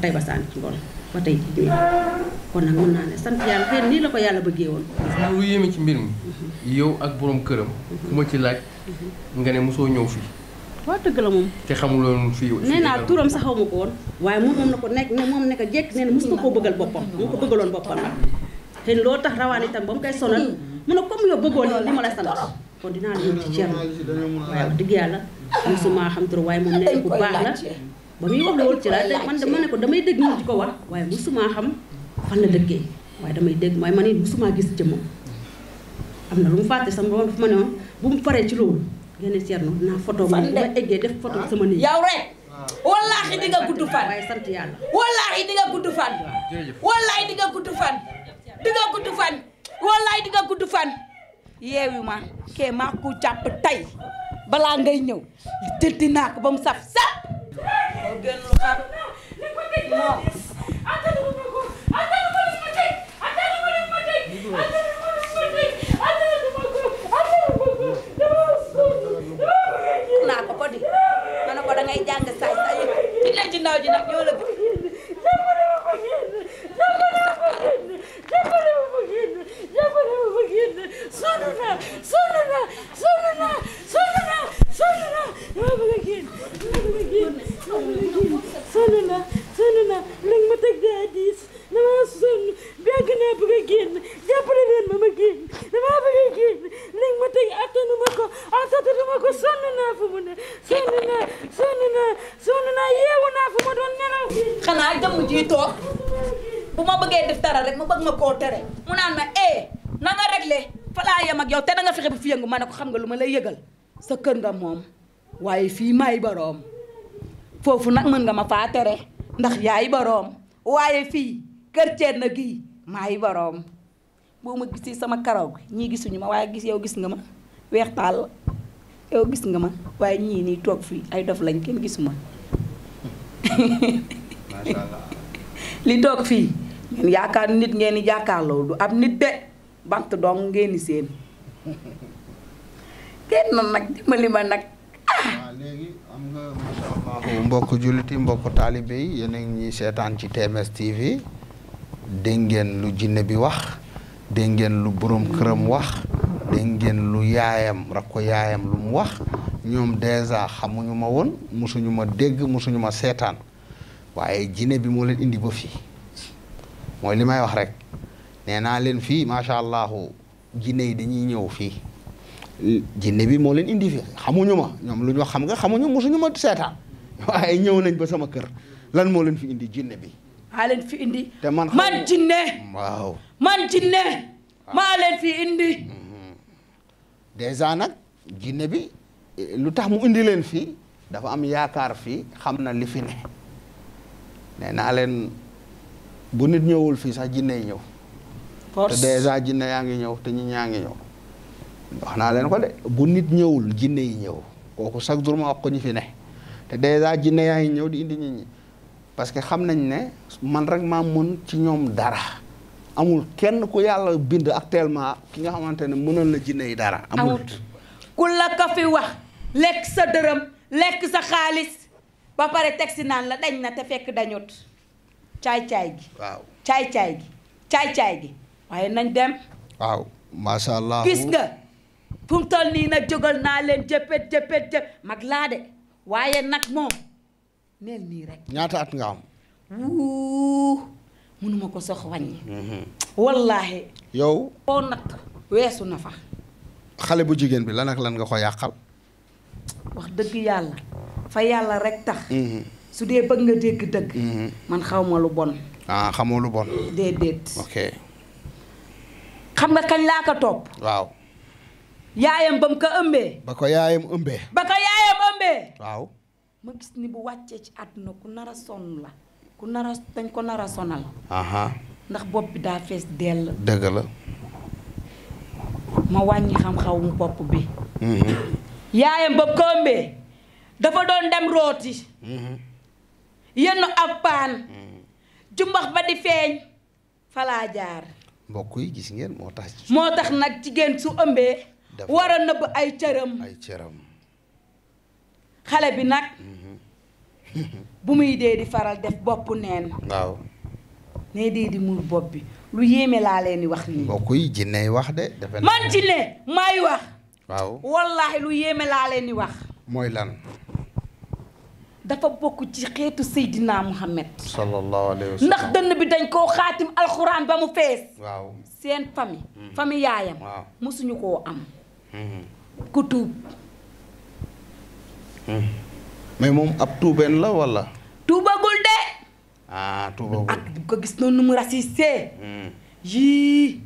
[SPEAKER 7] tey ba sànni ci ngoon ba tey ji ñu kon nag mën naa la ko yàlla bëggee woon
[SPEAKER 5] dafa ci mbir mi mhm. yow ak borom këram mhm. ku ci laaj mhm. nga ne mosoo fii waaw dëgg la moom te xamuloon fii turam
[SPEAKER 7] sax ma ko woon waaye moom moom na ko nekk ne moom nekk jekk nee na mos na koo bëggal boppam moo ko bëggaloon boppam nag te loo tax rawaan itam ba mu koy sonal mu ne comme yow bëggoon li ma la sonal kon dinaa la yóbbu ci ceeb waaye wax yàlla musuma xam trop waaye moom nee ku baax la ba muy ko damay dégg ñu di ko wax waaye musuma xam fan la dëggee waaye damay dégg waaye man it musuma gis jëmmam am na lu mu fàtte sama borom dafa ma bu mu paree ci loolu génne Thierno naa photo ma bu ma eggee def photo sama nii yow rek wallaahi di nga gudd fan waaye
[SPEAKER 1] sant yàlla wallaahi di nga gudd fan wallaahi di nga gudd fan di nga gudd fan wallaay di nga gudd fan yeewi ma kee maa ko jàpp tey bala ngay ñëw jëndi naa ko ba mu saf saf ma ko xam nga lu ma lay yëgal sa kër nga moom waaye fii may boroom foofu nag mën nga ma faa tere ndax yaay boroom waaye fii kër ceeb na gii maay boroom boo ma gisee sama karaw gi ñii gisuñu ma waaye gis yow gis nga ma weex taal yow gis nga ma waaye ñii nii toog fii ay dof lañ kenn gisuma macha li toog fii ngeen yaakaar nit ngeen di jàkkaarloo du am nit de bant dong ngeen seen génn nag dimbali ma nag
[SPEAKER 2] mbokk julliti mbokk taalibe yi yéen a ñuy seetaan ci TMS TV dégg lu jinne bi wax dégg lu borom këram wax dégg lu yaayam rakko yaayam lu wax ñoom dèjà xamuñu ma woon mosuñu dégg mosuñu ma seetaan waaye jinne bi moo leen indi ba fii mooy li may wax rek nee naa leen fii macha allah jinne yi dañuy ñëw fii. jinne bi moo leen indi fi xamuñu ma ñoom lu ñu wax xam nga xamuñu mosuñu ma seetaan waaye ñëw nañ ba sama kër lan moo leen fi indi jinne bi
[SPEAKER 1] maa fi indi
[SPEAKER 2] te man man jinne waaw
[SPEAKER 1] man jinne maa leen fi indi mhm.
[SPEAKER 2] dèjà nag jinne bi eh, lu tax mu indi leen fii dafa am yaakaar fii xam na li fi ne nee naa leen bu nit ñëwul fii sax jinne yi ñëw te dèjà jinne yaa ngi ñëw te ñi ñaa ngi ñëw wax naa leen ko de bu nit ñëwul jinne yi ñëw kooku chaque jour ma wax ko ñu fi ne te dèjà jinne yaa ngi ñëw di indi nit ñi parce que xam nañ ne man rek maa mën ci ñoom dara amul kenn ku yàlla bind actuellement ki nga xamante ne mënoon la jinne dara. amul
[SPEAKER 1] ku la ko fi wax lekk sa dërëm lekk sa xaalis ba pare teg si naan la dañ na te fekk dañut caay caay gi. waaw caay caay gi caay caay gi waaye nañ dem.
[SPEAKER 2] waaw macha allah gis
[SPEAKER 1] nga. fu mu nii nag jógal naa leen jëppet jëppet jëpp mag laa de waaye nag moom
[SPEAKER 2] neel nii rek. ñaata at nga am.
[SPEAKER 1] wuu mënuma ko sox wàññi. Mhm. wallaahi. yow. foo nag weesu na fa.
[SPEAKER 2] xale bu jigéen bi la nag lan nga ko yàqal.
[SPEAKER 1] wax dëgg yàlla fa yàlla rekk tax. Mhm. su dee bëgg nga dégg dëgg. Mhm. man xaw ma lu bon.
[SPEAKER 2] Ah, xamoo lu bon. déedéet. ok.
[SPEAKER 1] xam nga kañ laa ko
[SPEAKER 2] topp.
[SPEAKER 1] yaayam ba mu ko ëmbee.
[SPEAKER 2] ba ko yaayam ëmbee.
[SPEAKER 1] ba ko yaayam ëmbee. waaw. ma gis ni bu wàccee ci àdduna ku nara a sonn la ku nara a ko nar a sonal. ndax bopp bi daa fees dell. dëgg la. ma wàññi xam-xamu bopp bi. Mm-hmm. yaayam ba ko ëmbee dafa doon dem rooti. Mm-hmm. yenn ab paan. Mm-hmm. jumbax ba di feeñ. falaa jaar.
[SPEAKER 2] mbokk yi gis ngeen moo tax.
[SPEAKER 1] moo tax nag jigéen su ëmbee. war a nëbb ay cëram ay xale bi nag mm-hmm. bu muy dee di faral def boppu neen waaw nee dee di muur bopp bi lu yéeme laa leen di wax nii mbokk
[SPEAKER 2] yi jinney wax de defe man
[SPEAKER 1] jinne maay wax wallaahi lu yéeme laa leen di wax mooy lan dafa bokk ci xeetu Seydina Muhammad
[SPEAKER 2] sallallahu ndax
[SPEAKER 1] dënn bi dañ koo xaatim alxuraan ba mu fees waaw seen famille mm. famille yaayam mosuñu koo am Hmm. ku tuub.
[SPEAKER 2] Hmm. mais moom ab tuubeen la wala.
[SPEAKER 1] tuubagul de.
[SPEAKER 2] ah tuubagul ak
[SPEAKER 1] bu ko gis noonu mu raciste. Hmm. yii.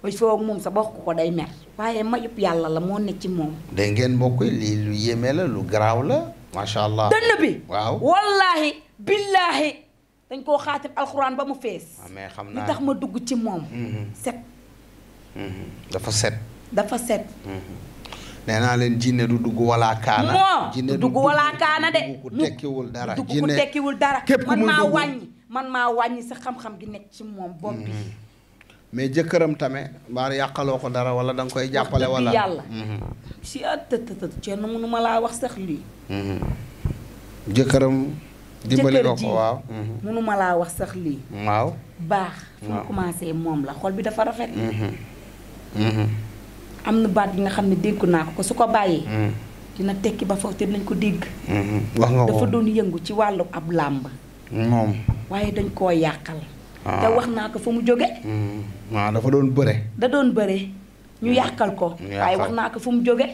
[SPEAKER 1] ba foog moom sa wax ko ko day mer. waaye ma yëpp yàlla la moo nekk ci moom.
[SPEAKER 2] da ngeen mbokk lii lu yéeme la lu garaaw la. macha allah dënn bi. waaw
[SPEAKER 1] wallaahi billaahi. dañ koo xaatim alxuraan ba mu fees. Ah, xam naa li tax ma dugg ci moom. set. dafa set. dafa set.
[SPEAKER 2] nee naa leen jinne du dugg wala kaana. jinne du dugg wala
[SPEAKER 1] kaana de. dugg ku tekkiwul dara dugg ku tekkiwul dara. képp man maa wàññi man maa wàññi sa xam-xam gi nekk ci moom bopp bi. Mm-hmm.
[SPEAKER 2] mais jëkkëram tamit baar yàqaloo ko dara wala da nga koy jàppale. wala mm-hmm. yàlla.
[SPEAKER 1] si at tëtëtët cee nu ma laa wax sax lii. jëkkëram. dimbali ko ko waaw mënu ma laa wax sax lii. waaw baax. fu mu commencé moom la xol bi dafa rafet. am na baat bi nga xam ne dénku naa ko su ko bàyyee. Mm. dina tekki ba foofu te dinañ ko dégg.
[SPEAKER 3] Mm-hmm. wax nga dafa doon
[SPEAKER 1] yëngu ci wàllu ab làmb. moom. waaye dañ koo yàqal. Ah. te wax naa ko fa mu jóge waaw
[SPEAKER 2] mm-hmm. ah, dafa doon bëre.
[SPEAKER 1] da doon bëre ñu mm-hmm. yàqal ko. wax naa ko fa mu jóge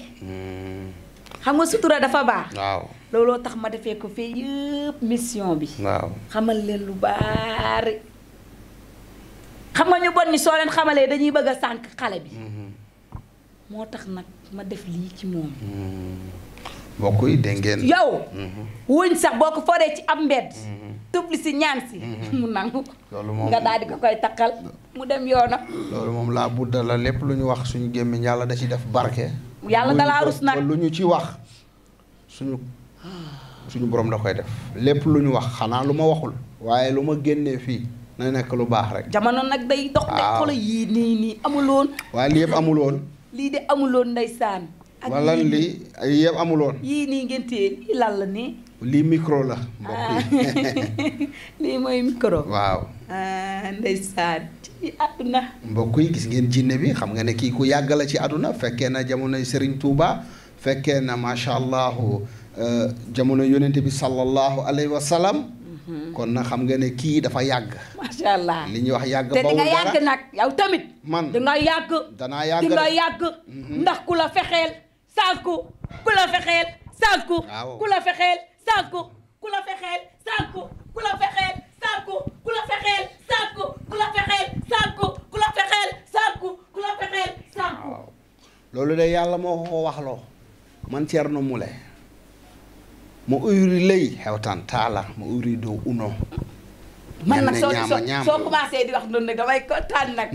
[SPEAKER 1] xam nga sutura dafa baax. waaw looloo tax ma defee ko fee yëpp mission bi. waaw xamal leen lu baari. xam nga ñu bon ni soo leen xamalee dañuy bëgg a sànq xale bi. moo tax nag ma def lii ci moom. Hmm.
[SPEAKER 2] mbokk yi dégg ngeen. yow. Hmm.
[SPEAKER 1] wuñ sax boo ko foree ci ab mbedd. Hmm. tubli si ñaan si. mu nangu.
[SPEAKER 2] loolu moom nga daal
[SPEAKER 1] ko koy takkal mu dem yoonam.
[SPEAKER 2] loolu moom laa budda la lépp lu ñu wax suñu gémmiñ yàlla da ci def barke.
[SPEAKER 1] yàlla dalaa rus nag
[SPEAKER 2] lu ñu ci wax suñu suñu borom da koy def. lépp lu ñu wax xanaa lu ma waxul. waaye lu ma génnee fii. na nekk lu baax rek.
[SPEAKER 1] jamono nag day dox. waaw de yii nii nii amuloon.
[SPEAKER 2] waaye lii yëpp amuloon.
[SPEAKER 1] lii de amuloon ndeysaan. ak wala lii
[SPEAKER 2] ay yëpp amuloon.
[SPEAKER 1] yii nii ngeen téye lii lan la nii.
[SPEAKER 2] lii micro la
[SPEAKER 1] mbokk yi lii mooy micro. waaw. Ah, ndeysaan ci àdduna.
[SPEAKER 2] mbokk yi gis ngeen jinne bi xam nga ne kii ku yàgg la ci àdduna fekkee na jamonoy sëriñ tuuba fekkee na macha allah euh, jamono yonente bi sallallahu alayhi wa Mm-hmm. kon na xam nga ne kii dafa yàgg.
[SPEAKER 1] macha allah li
[SPEAKER 2] ñuy wax yàgg. bawul dara te yàgg
[SPEAKER 1] nag yow tamit. man yàgg. danaa yàgg mm-hmm. ndax ku la fexeel sànku ku la fexeel sànku. ku la fexeel sànku ku la fexeel sànku ku la fexeel sànku ku la fexeel sànku ku la fexeel sànku
[SPEAKER 2] loolu de yàlla moo ko ko waxloo man Thierno Moule. mo uyri ley hewtan taala mo uyri dow uno
[SPEAKER 5] man nag soo soo
[SPEAKER 1] di wax noonu nag damay kontaan nag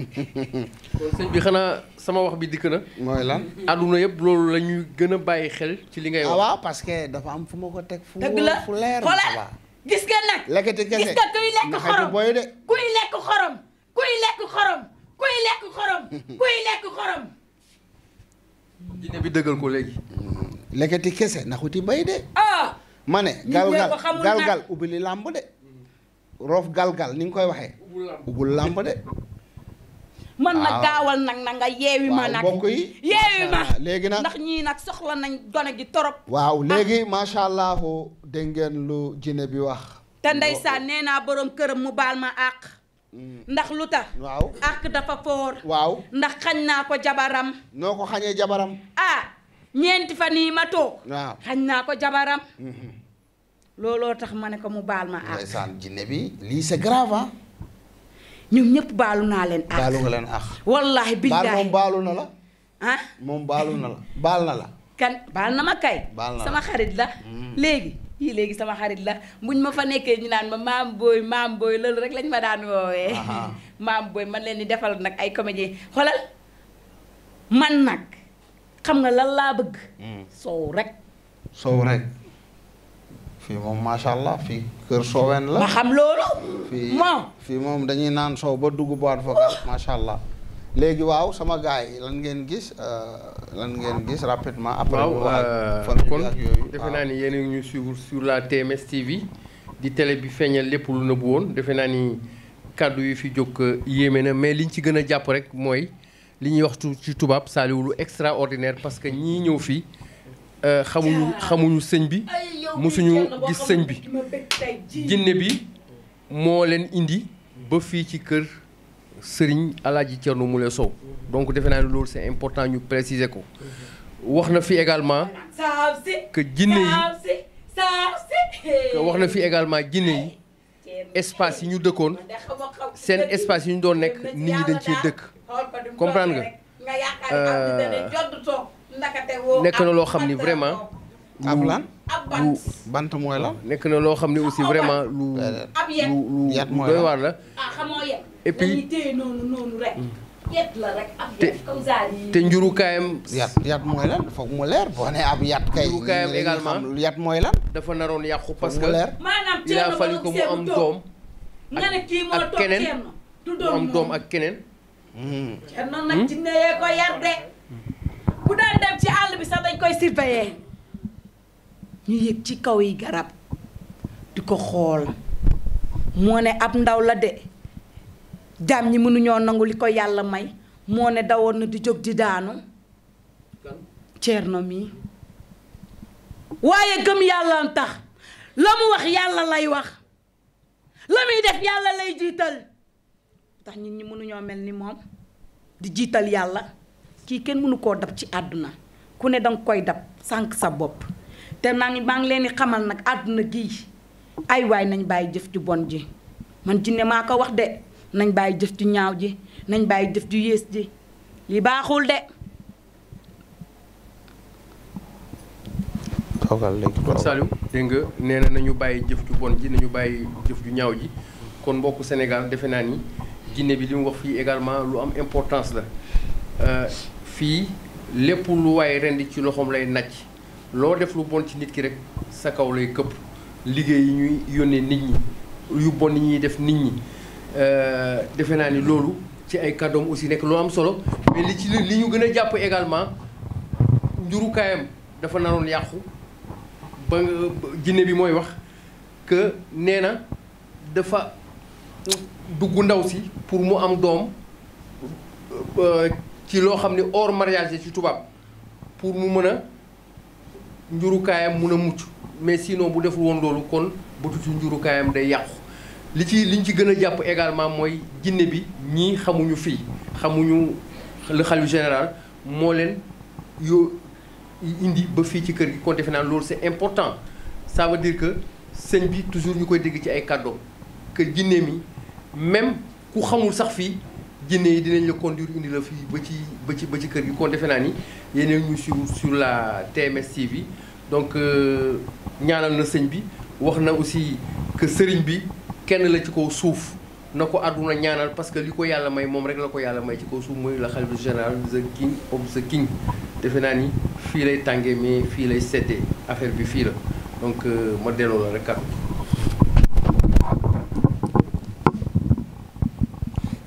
[SPEAKER 1] kon bi
[SPEAKER 5] xanaa sama wax bi dikk na mooy lan àdduna yëpp loolu la ñuy gën a bàyyi xel
[SPEAKER 2] ci li ngay wax ah waaw parce que dafa am fu ma ko teg fu fu leer xoolal
[SPEAKER 1] gis nga nag lekkati kese gis nga kuy lekk xorom boy de kuy lekk xorom kuy lekk xorom kuy lekk xorom kuy lekk xorom
[SPEAKER 2] dina bi dëggal ko léegi lekkati kese naxuti bay de. ah ma ne. gal gal gal ubbi li làmb de. roof gal gal ni nga koy waxee. ubbul làmb de.
[SPEAKER 1] man na ah. gaawal nag na nga yeewi ma nag mbokk yi yeewi ma léegi nag ndax ñii nag soxla nañ gone gi torop
[SPEAKER 2] waaw ah. léegi macha allah dégg ngeen lu jinne bi wax.
[SPEAKER 1] te ndeysaan nee naa borom këram mu baal ma àq. Mm. ndax lu tax. waaw àq dafa foor. waaw ndax xañ naa ko jabaram. noo ko xañee jabaram. ah. ñeenti fa nii ma toog. waaw xañ naa ko jabaram. Mhm. looloo tax ma ne ko mu baal ma àq. ndeysaan
[SPEAKER 2] jinne bi lii c'est grave ah. ñoom ñëpp baalu naa leen àq. baalu nga leen àq. wallaahi billahi baal na ah? moom baalu na la la.
[SPEAKER 1] kan na ma kay. baal la sama xarit la. Mhm. léegi lii léegi sama xarit la buñ ma fa nekkee ñu naan ma maam booy maam booy loolu rek lañ ma daan woowee. maam booy man leen di defal nag ay comédien xoolal man nag. xam na lan laa bëgg. Hmm. soow rek.
[SPEAKER 2] soow rek. fii moom macha allah fii kër sooween la. ma xam loolu. moom fii moom dañuy naan soow ba dugg boîte vocale oh. macha allah. léegi waaw sama gars yi lan ngeen gis euh, lan ngeen gis rapidement. après waaw euh, kon defe
[SPEAKER 5] naa ni yéen a sur la TMS TV di télé bi feeñal lépp lu woon defe naa ni kàddu yi fi jóg euh, yéeme na mais liñ ci gën a jàpp rek mooy. li ñuy wax ci tubaab saaliwulu extraordinaire parce que ñii ñëw fii euh, xamuñu xamuñu sëñ bi mosuñu gis sëñ bi
[SPEAKER 1] jinne bi
[SPEAKER 5] moo leen indi ba fii ci kër sëriñ Alaaji Thierno Moule Sow donc defe naa ne loolu c'est important ñu préciser ko wax na fi également que jinne yi que wax na fi également jinne yi espace yi ñu dëkkoon seen espace yi ñu doon nekk nit ñi dañ cee dëkk comprendre nga euh, nekk na loo xam ni vraiment. ab lan lu bant mooy la. nekk na loo xam ni aussi vraiment lu euh,
[SPEAKER 2] yat lu doy waar la.
[SPEAKER 1] Ah, et mm. te te
[SPEAKER 2] njurukaayam. yat yat mooy lan foog mu leer boo nee ab yat kay. dafa naroon yàqu parce que
[SPEAKER 5] leer
[SPEAKER 1] a fallu mu am
[SPEAKER 5] doom. ak keneen mu am doom ak keneen.
[SPEAKER 1] Cerno nag jinne yee ko yar de bu daan dem ci àll bi sax dañ koy surveiller ñu yëg ci kaw yi garab di ko xool moo ne ab ndaw la de jaam ñi mënuñoo nangu li ko yàlla may moo ne dawoon na di jóg di daanu Cerno mi waaye gëm yàlla tax la lay wax la muy def yàlla lay jiital ndax nit ñi mënuñoo mel ni moom di jiital yàlla kii kenn mënu koo dab ci àdduna ku ne danga koy dab sànq sa bopp te maa ngi maa ngi leen di xamal nag àdduna gi ay waay nañ bàyyi jëf ju bon ji man jinne maa ko wax de nañ jëf ju ñaaw ji nañ bàyyi jëf ju yées ji li baaxul de
[SPEAKER 2] toogal léegi kon
[SPEAKER 5] Saliou dégg nga jëf ju bon jëf ju ñaaw ji kon mbokku Sénégal defe naa ni Guinée bi li mu wax fii également lu am importance la euh, fii lépp lu waay rend ci loxoom lay nàcc loo def lu bon ci nit ki rek sa kaw lay këpp liggéey yi ñuy yónnee nit ñi yu bon yi ñuy def nit ñi euh, defe naa ni loolu ci ay kàddoom aussi nekk lu am solo mais li ci li ñu gën a jàpp également njurukaayam dafa naroon yàqu ba Guinée bi mooy wax que nee na dafa dugg ndaw si pour mu am doom euh, ci loo xam ne hors mariage si tubaab pour mu mën a njurukaayam mun a mucc mais sinon bu deful woon loolu kon bëtutu njurukaayam day yàqu li ci liñ ci gën a jàpp également mooy jinne bi ñii xamuñu fii xamuñu le xalifa général moo leen yo indi ba fii ci kër gi kon defe naa loolu c'est important ça veut dire que sëñ bi toujours ñu koy dégg ci ay kàddoom que jinne mi même ku xamul sax fii jinne yi dinañ la conduire indi la fii ba ci ba ci ba ci kër gi kon defe naa ni yéen ñu sur sur la TMS TV donc euh, ñaanal na sëñ bi wax na aussi que sëriñ bi kenn la ci kaw suuf na ko àdduna ñaanal parce que li ko yàlla may moom rek la ko yàlla may ci kaw suuf mooy la xalifa général the king of sa king defe naa ni fii lay tàngee mais fii lay seddee affaire bi fii la donc euh, ma delloo la rek kàddu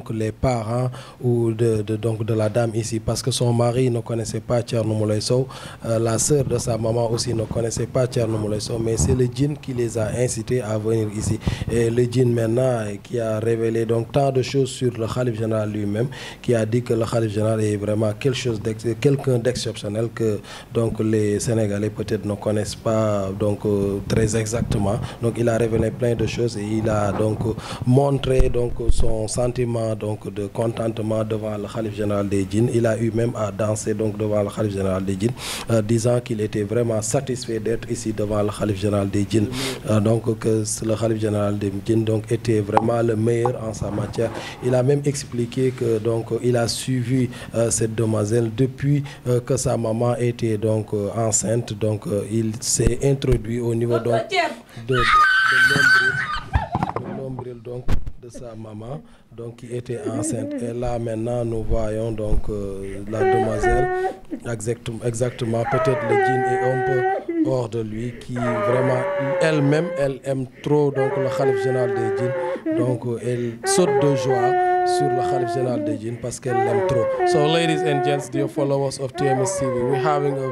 [SPEAKER 6] donc les parents ou de, la dame ici parce que son mari ne connaissait pas Thierno Moulay Sow euh, la sœur de sa maman aussi ne connaissait pas Thierno Moulay Sow mais c'est le djinn qui les a incités à venir ici et le djinn maintenant euh, qui a révélé donc tant de choses sur le khalife général lui-même qui a dit que le khalife général est vraiment quelqu'un d'exceptionnel que les Sénégalais peut-être ne connaissent pas euh, très exactement il a révélé plein de choses et il a montré donc moment donc de contentement devant le Khalif général des djinns il a eu même à danser donc devant le Khalif général des djinns euh, disant qu'il était vraiment satisfait d'être ici devant le Khalif général des djinns euh, donc que le Khalif général des djinns donc était vraiment le meilleur en sa matière il a même expliqué que donc il a suivi euh, cette demoiselle depuis euh, que sa maman était donc euh, enceinte donc il s'est introduit au niveau donc de de, de l'ombril, de l'ombril donc sa maman donc qui était enceinte et là maintenant nous voyons donc euh, la demoiselle exactement peut-être le djinn est un peu hors de lui qui vraiment elle-même elle aime trop le khalife des djinns donc elle saute de joie sur Khalif General de Jin parce qu'elle l'aime trop. So ladies and gents, dear followers of TMS TV, we're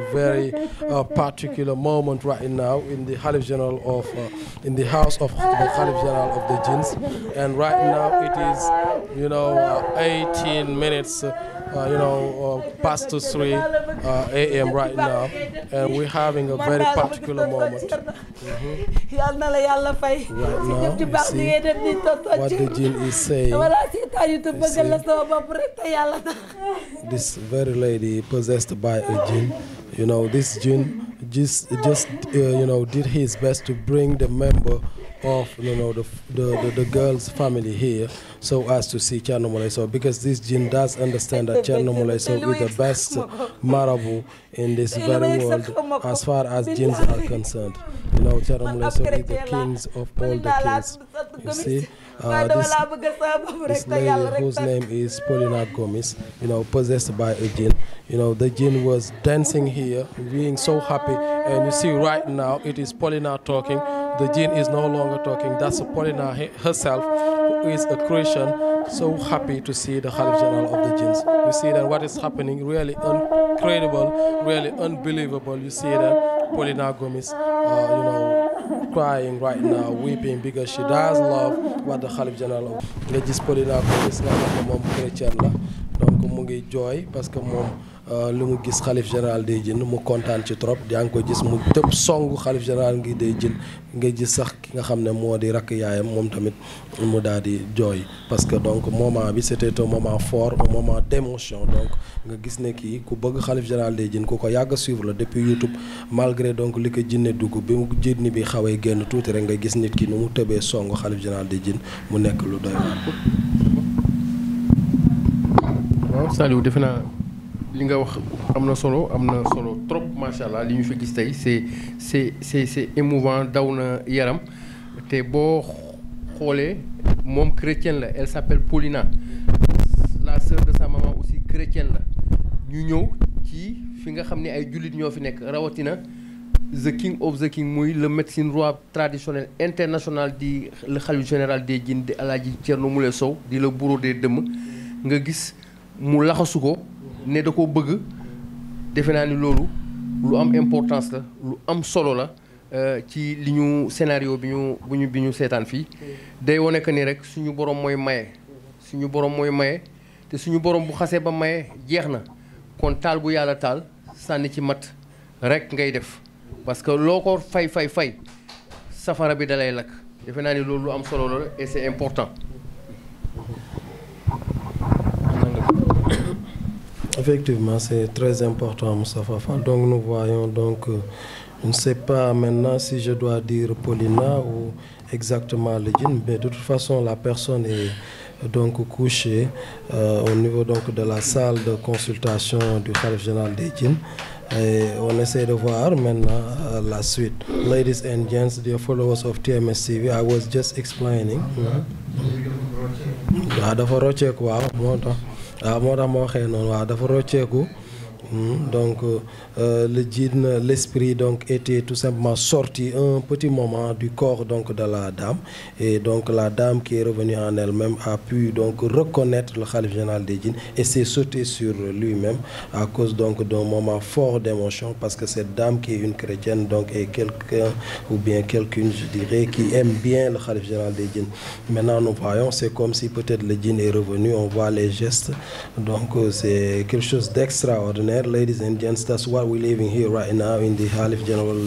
[SPEAKER 6] a very uh, particular moment right now in the Khalif uh, General of the Khalif General of the Jins and right now it is uh, minutes Uh, you know, uh, past 3 uh, a.m. right now, and we're a very particular moment. Mm-hmm.
[SPEAKER 1] Right now, what the jinn
[SPEAKER 6] is saying. this very lady possessed by a jinn, you know, this jinn did his best to bring the member of you so as to because this gene does understand that is the best marabu in this very world as far as genes are concerned. the kings of all the kings. You see? Uh, whose name is Paulina Gomez, possessed by a jinn. the jinn was dancing here, being so happy. And you see right now, it is Paulina talking. the gene is no longer talking. That's Paulina herself, is a Christian, so happy to see the Khalif General of the genes. You see that what is happening, really incredible, really unbelievable. You see that Paulina Gomez, uh, crying right now, weeping because she does love what the Khalif General of. nga gis Paulina Gomez nga xam ne moom chrétien donc mu ngi jooy parce que Euh, li mu gis xalif général day jën mu kontaan ci trop yaa ngi ko gis mu tëb song xalif général ngi de jën nga gis sax ki nga xam ne moo di rakk yaayam moom tamit mu daal di jooy parce que donc moment bi c'était un moment fort un moment d'émotion donc nga gis ne kii ku bëgg xalif général day jën ku ko yàgg a suivre la depuis YouTube malgré donc li ko jinne dugg bi mu jinne bi xawee génn tuuti rek nga gis nit ki nu mu tëbee songu xalif général day jin mu nekk lu doy
[SPEAKER 5] li nga wax am na solo am na solo trop macha allah li ñu fi gis tey c'est c'est c'est c'est émouvant daw na yaram te boo xoolee moom chrétienne la elle s'appelle Paulina la sœur de sa aussi chrétienne la ñu ñëw ci fi nga xam ni ay jullit ñoo fi nekk rawatina the king of the king muy le médecine roi traditionnel international di le général des jinne di Alaaji Cerno Mule Sow di la bourreau de dëmm nga gis mu laxasu ko ne da koo bëgg defe naa ni loolu lu am importance la lu am solo la euh, ci li ñu scénario bi ñu bu seetaan fii day wane que ni rek suñu borom mooy maye suñu borom mooy maye te suñu borom bu xasee ba maye jeex na kon taal bu yàlla taal sànni ci mat rek ngay def parce que loo ko fay fay fay safara bi dalay lakk defe naa ni loolu lu am solo la et c'est important
[SPEAKER 6] Effectivement, c'est très important, Moustapha Fall. Mm. Donc nous voyons donc, euh, je ne sais pas maintenant si je dois dire Paulina ou exactement le djinn, de toute façon la personne est euh, donc couchée euh, au niveau donc de la salle de consultation du Khalif général des djinns. Et on essaie de voir maintenant euh, la suite. Ladies and gents, dear followers of TMS TV, I was just explaining.
[SPEAKER 3] waaw
[SPEAKER 6] mm-hmm. ah, dafa rocceeku waaw moo tax waaw moo tax ma waxee noonu waaw dafa rocceeku Hmm, donc, euh, le djinn, l'esprit, donc, était tout simplement sorti un petit moment du corps donc, de la dame. Et donc, la dame qui est revenue en elle-même a pu donc reconnaître le Khalif général des djinns et s'est sauté sur lui-même à cause donc d'un moment fort d'émotion parce que cette dame qui est une chrétienne donc est quelqu'un ou bien quelqu'une, je dirais, qui aime bien le Khalif général des djinns. Maintenant, nous voyons, c'est comme si peut-être le djinn est revenu, on voit les gestes. Donc, euh, c'est quelque chose d'extraordinaire millionaire, ladies and gents. That's what we're living here right now in the Halif General,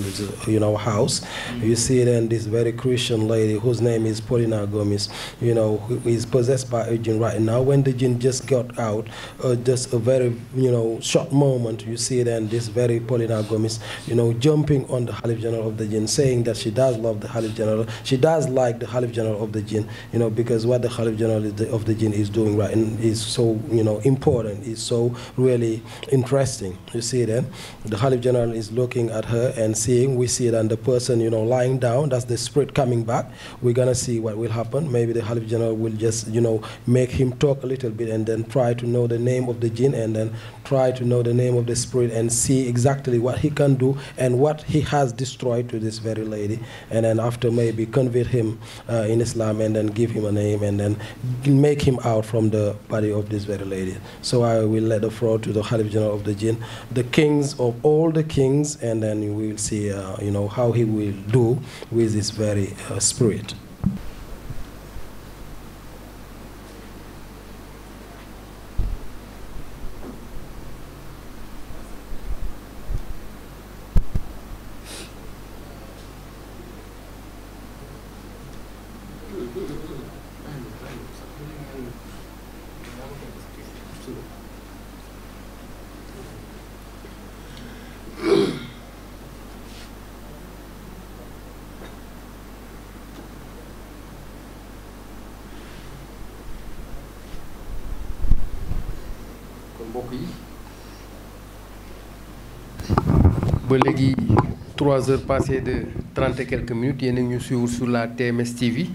[SPEAKER 6] you know, house. You see then this very Christian lady whose name is Paulina Gomez, you know, who is possessed by a jinn right now. When the jinn just got out, uh, just a very, you know, short moment, you see then this very Paulina Gomez, you know, jumping on the Halif General of the jinn, saying that she does love the Halif General. She does like the Halif General of the jinn, you know, because what the Halif General of the jinn is doing right and is so, you know, important, is so really interesting interesting. You see then, the Khalif General is looking at her and seeing, we see then the person, you know, lying down, that's the spirit coming back. We're gonna see what will happen. Maybe the Khalif General will just, you know, make him talk a little bit and then try to know the name of the jinn and then try to know the name of the spirit and see exactly what he can do and what he has destroyed to this very lady. And then after maybe convert him uh, in Islam and then give him a name and then make him out from the body of this very lady. So I will let the floor to the Khalif General of the jinn, the kings of all the kings, and then we will see, uh, you know, how he will do with his very uh, spirit.
[SPEAKER 5] ba léegi trois heures passées de trente et quelques minutes yéen ñu la TMS TV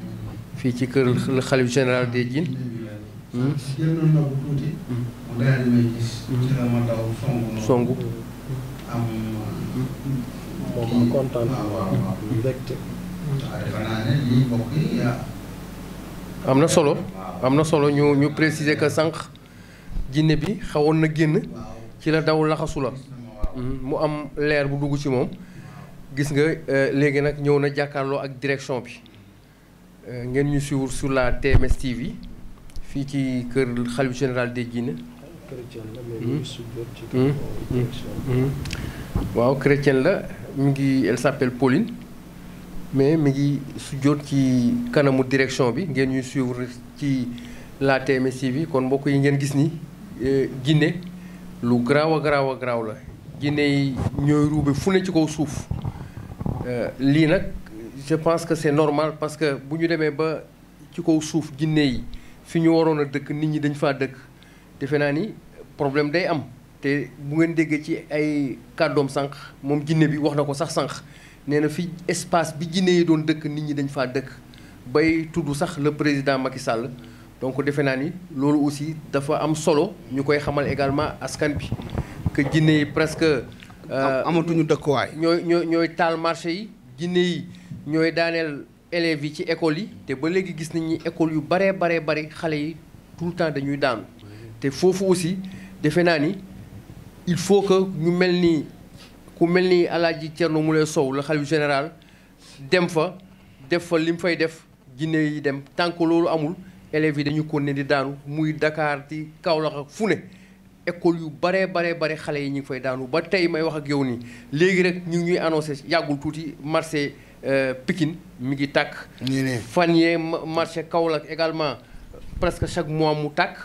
[SPEAKER 5] fii ci kër le xalif général des Djinn.
[SPEAKER 2] Hmm? Hmm. songu.
[SPEAKER 5] am na solo am na solo ñu ñu préciser que sànq jinne bi xawoon na génn ci la daw laxasu la mu am leer bu dugg ci moom gis nga euh, léegi nag ñëw na jàkkaarloo ak direction bi euh, ngeen ñu suivre su la TMS TV fii ci kër xalif général des Guinées hmm? hmm? hmm? waaw chrétienne la mi ngi elle s'appelle Pauline mais mi ngi sujjóot ci kanamu direction bi ngeen ñuy suivre ci la TMS TV kon mbokk yi ngeen gis ni Guinée euh, lu garaaw a garaaw a garaaw la jinne yi ñooy ruube fu ne ci kaw suuf euh, lii nag je pense que c'est normal parce que bu ñu demee ba ci kaw suuf jinne yi fi ñu waroon a dëkk nit ñi dañ faa dëkk defe naa ni problème day am te bu ngeen déggee ci ay kàddoom sànq moom jinne bi wax na ko sax sànq nee na fi espace bi Guinée yi doon dëkk nit ñi dañ faa dëkk bay tudd sax la président Macky Sall donc defe naa ni loolu aussi dafa am solo ñu koy xamal également askan bi que jinne yi presque. Euh, amatuñu dëkkuwaay. ñooy ñooy ñooy taal marché yi jinne yi ñooy daaneel élèves yi ci école yi te ba léegi gis nañ ni école yu baree baree bari xale yi tout temps dañuy daanu te foofu aussi defe naa ni il faut que ñu mel ni ku mel ni El Hadj Thierno Moule Sow la xalifa général dem fa def fa li fay def jinne yi dem tànk loolu amul élèves yi dañu ko ne di daanu muy Dakar ci Kaolack ak fu ne école yu baree baree bare xale yi ñu ngi fay daanu ba tey may wax ak yow nii léegi rek ñu ngi ñuy annoncé yàggul tuuti marché euh, Pikine mi ngi tàkk. fan yee marché Kaolack également presque chaque mois mu tàkk.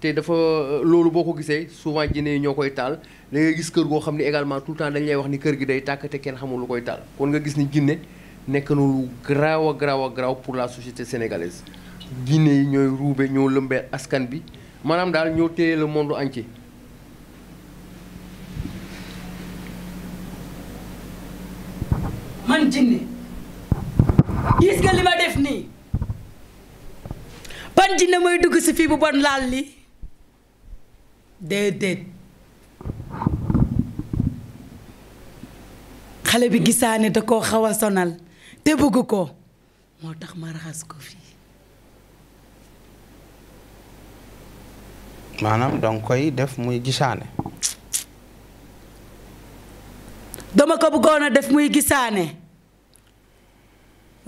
[SPEAKER 5] te dafa euh, loolu boo ko gisee souvent jinne yi ñoo koy taal da ngay gis kër goo xam ne également tout le temps dañ lay wax ni kër gi day tàkk te kenn xamul lu koy taal. kon nga gis ni jinne nekk na lu garaaw a garaaw a graw pour la société sénégalaise jinne yi ñooy ruube ñoo lëmbee askan bi. manam daal ñoo téye le monde entier
[SPEAKER 1] man jinne gis nga li ma def nii ban jinne mooy dugg si fii bu bon laal li déedéet xale bi gisaane da koo xaw a sonal te bëgg ko moo tax ma raxas ko fii
[SPEAKER 2] maanaam danga koy def muy gisaane.
[SPEAKER 1] dama ko bëggoon a def muy gisaane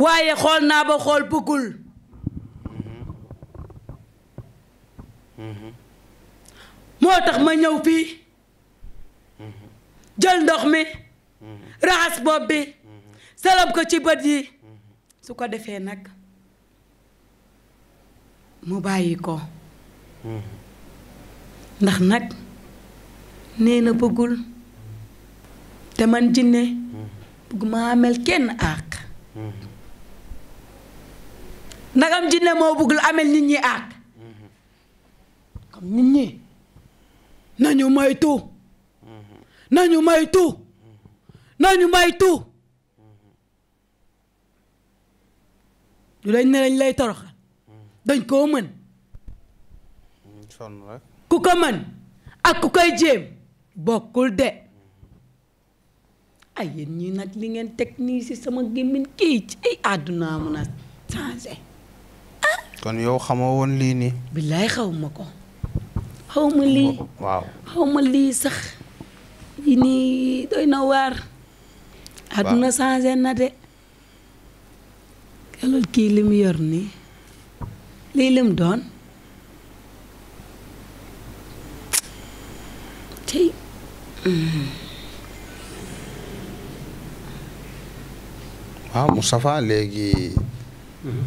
[SPEAKER 1] waaye xool naa ba xool bëggul moo tax ma ñëw fii jël ndox mi raxas bopp bi salab ko ci bët yi su ko defee nag mu bàyyi ko ndax nag nee na bëggul te man jinne bëgguma amel kenn àq ndagam jinne moo bëggul amel nit ñi àq comme nit ñi nañu moytu nañu moytu nañu moytu du lañ ne lañ lay toroxal dañ koo mën sonn rek ku ko mën ak ku koy jéem bokkul de ay yéen ñi nag li ngeen teg nii si sama gémmiñ kii ci ay àdduna mun a changé
[SPEAKER 2] ah. kon yow xamoo woon lii nii.
[SPEAKER 1] billaay xaw ma ko. xaw ma lii waaw xaw ma lii sax yi nii doy na waar. àdduna changé na de. kelul kii li mu yor nii lii lim doon. cey mm-hmm.
[SPEAKER 2] waaw Moustapha léegi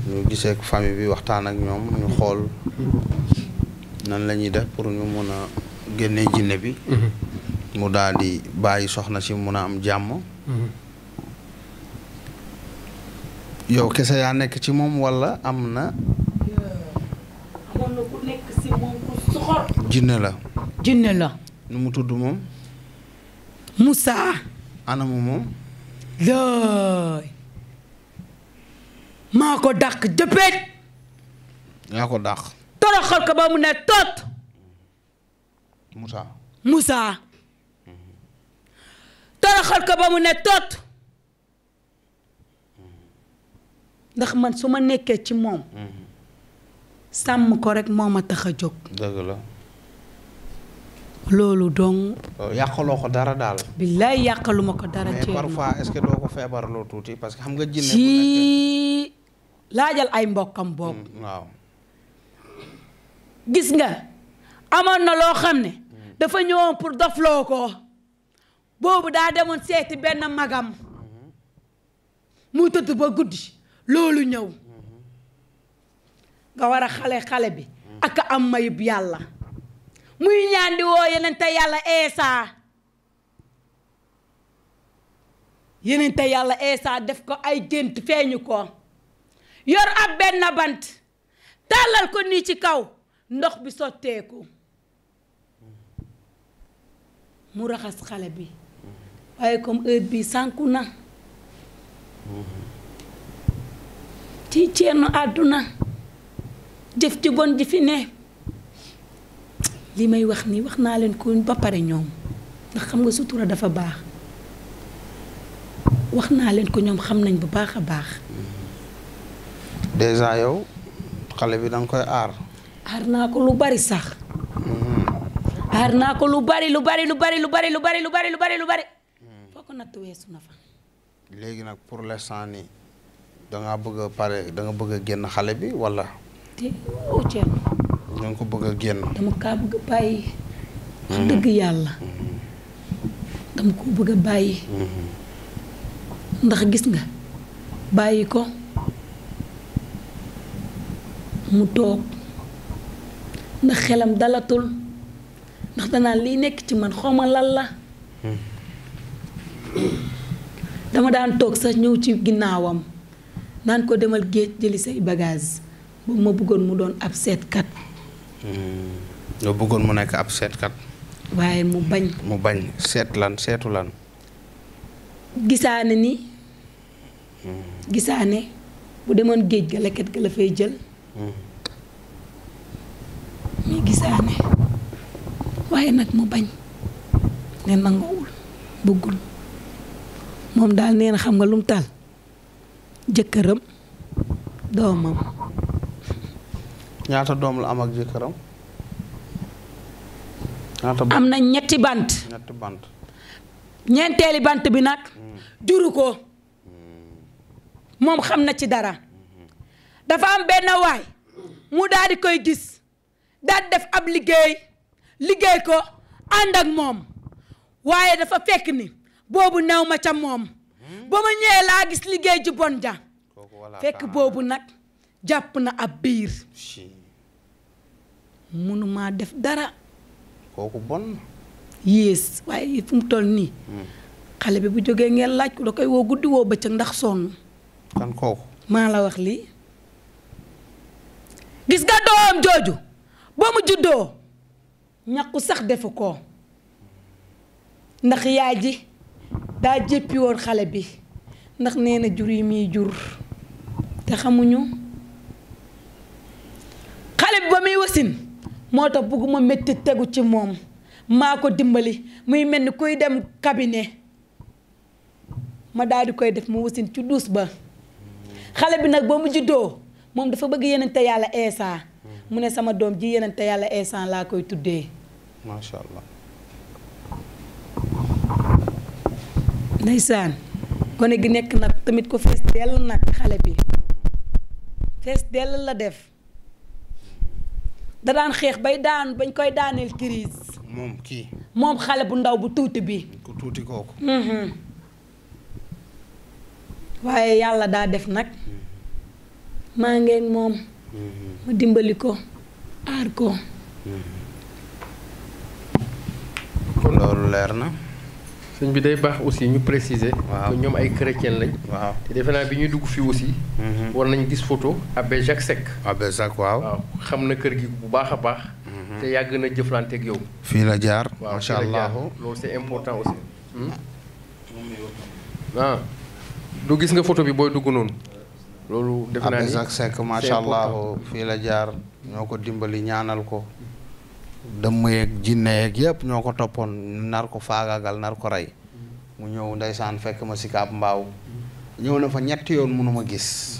[SPEAKER 2] ñu gisee ak bi waxtaan ak ñoom ñu xool nan lañuy ñuy def pour ñu mën a génne jinne bi
[SPEAKER 3] mm-hmm.
[SPEAKER 2] mu daal di bàyyi soxna si mun a am jàmm mm-hmm. yow kese yaa nekk ci moom walla am na jinne la jinne
[SPEAKER 1] la nu mu tudd moom. Moussa. anamu moom. looy. maa ko dàq jëppeet. yaa ko dàq. toroxal ko ba mu ne tot. musaa Moussa. toroxal ko ba mu ne tot. ndax man su ma nekkee ci moom. Mm-hmm. sàmm ko rek moo ma tax a jóg. loolu dong.
[SPEAKER 2] Oh, yàqaloo ko dara daal.
[SPEAKER 1] billaay yàqaluma ko dara. mais parfois est que doo ko feebarloo tuuti parce que xam nga. jinne ci laajal ay mbokkam boobu. Mm, waaw. gis nga amoon na loo xam ne. Mm. dafa ñëwoon pour dofloo ko. boobu daa demoon seeti benn magam. Mm-hmm. mu tëdd ba guddi. loolu ñëw. Mm-hmm. nga war a xale xale bi. Mm. ak am mayub yàlla. muy ñaan di woo yonente yàlla eesa yonente yàlla eesa def ko ay gént feeñu ko yor ab benn bant tàllal ko nii ci kaw ndox bi sotteeku mu raxas xale bi waaye comme heure bi sànku na ci ceenu àdduna jëf ci bon ji fi ne li may wax nii wax naa leen ko ba pare ñoom ndax xam nga sutura dafa baax wax naa leen ko ñoom xam nañ bu baax a baax
[SPEAKER 2] déjà yow xale bi danga koy aar
[SPEAKER 1] aar naa ko lu bari sax mm-hmm. aar naa ko lu bari lu bari lu bari lu bari lu bari lu bari lu bari lu bari mm. foo ko natt weesu na fa
[SPEAKER 2] léegi nag pour l'instant nii danga bëgg a pare danga bëgg génn xale bi walla da nga ko bëgg génn.
[SPEAKER 1] dama dëgg yàlla. dama ko bëgg a bàyyi. ndax gis nga bàyyi ko mu toog ndax xelam dalatul ndax danaan liy nekk ci man xawma lan la. dama daan toog sa ñëw ci ginnaawam naan ko demal géej jëli say bagage boobu ma bëggoon mu doon ab seetkat.
[SPEAKER 2] Hmm. nga bëggoon mu nekk ab seetkat.
[SPEAKER 1] waaye mu bañ.
[SPEAKER 2] mu bañ seet lan seetu lan.
[SPEAKER 1] gisaane ni. Hmm. gisaane bu demoon géej ga leket ga la fay jël. muy hmm. gisaane waaye nag mu bañ ne nanguwul bëggul moom daal nee xam nga lu mu taal jëkkëram doomam.
[SPEAKER 2] ñaata doom la am ak jëkkëram. am na ñetti bant.
[SPEAKER 1] bant. ñeenteeli bant bi nag. Hmm. juru ko hmm. moom xam na ci dara. dafa am benn waay mu daal di koy gis daal def ab liggéey liggéey ko ànd ak moom waaye dafa fekk ni boobu new ma ca moom hmm. ba ma ñëwee laa gis liggéey ju bon ja fekk boobu nag jàpp na ab biir. mënuma def dara. kooku bon. yées waaye fu mu toll nii. Hmm. xale bi bu jógee ngeen laaj ko da koy woo guddi woo bëccëg ndax sonn. kan kooku. maa la wax lii. gis nga doom jooju ba mu juddoo ñàkku sax defu ko ndax yaay ji daa jéppi xale bi ndax nee na jur yi muy jur te xamuñu xale bi ba muy wasin moo tax bugguma metti tegu ci moom maa ko dimbali muy mel ni kuy dem kabine ma daal koy def mu wasin ci duus ba xale bi nag ba mu juddoo moom dafa bëgg yenente yàlla eesa mu ne sama doom ji yenente yàlla eesa laa koy tuddee macha allah gone gi nekk nag tamit ko fees dell nag xale bi fees dell la def da daan xeex bay daan bañ koy daaneel crise moom kii moom xale bu ndaw bu tuuti bi
[SPEAKER 2] ku tuuti kooku
[SPEAKER 1] mm-hmm. waaye yàlla daa def nag mm-hmm. maa ngeen moom mm-hmm. ma dimbali ko aar ko
[SPEAKER 5] loolu leer na sëñ bi day baax aussi ñu préciser. waaw ñoom ay chrétien lañ. waaw te defe naa bi ñuy dugg fii aussi. Mhm. war nañu gis photo abbé Jacques Seck. abbé
[SPEAKER 2] Jacques waaw.
[SPEAKER 5] xam na kër gi bu baax a baax. Mhm. te yàgg na jëflante yow.
[SPEAKER 2] fii la jaar macha allah
[SPEAKER 5] loolu c'est important aussi. Hmm?
[SPEAKER 2] ah du gis nga photo bi booy dugg noonu. loolu
[SPEAKER 5] defe naa ni abbé
[SPEAKER 2] fii la jaar ñoo ko dimbali ñaanal ko. dëmm yeeg jinne yeeg yëpp ñoo ko toppoon nar ko faagaagal nar ko rey mu ñëw ndeysaan fekk ma sikaab mbaaw ñëw na fa ñetti yoon mënuma gis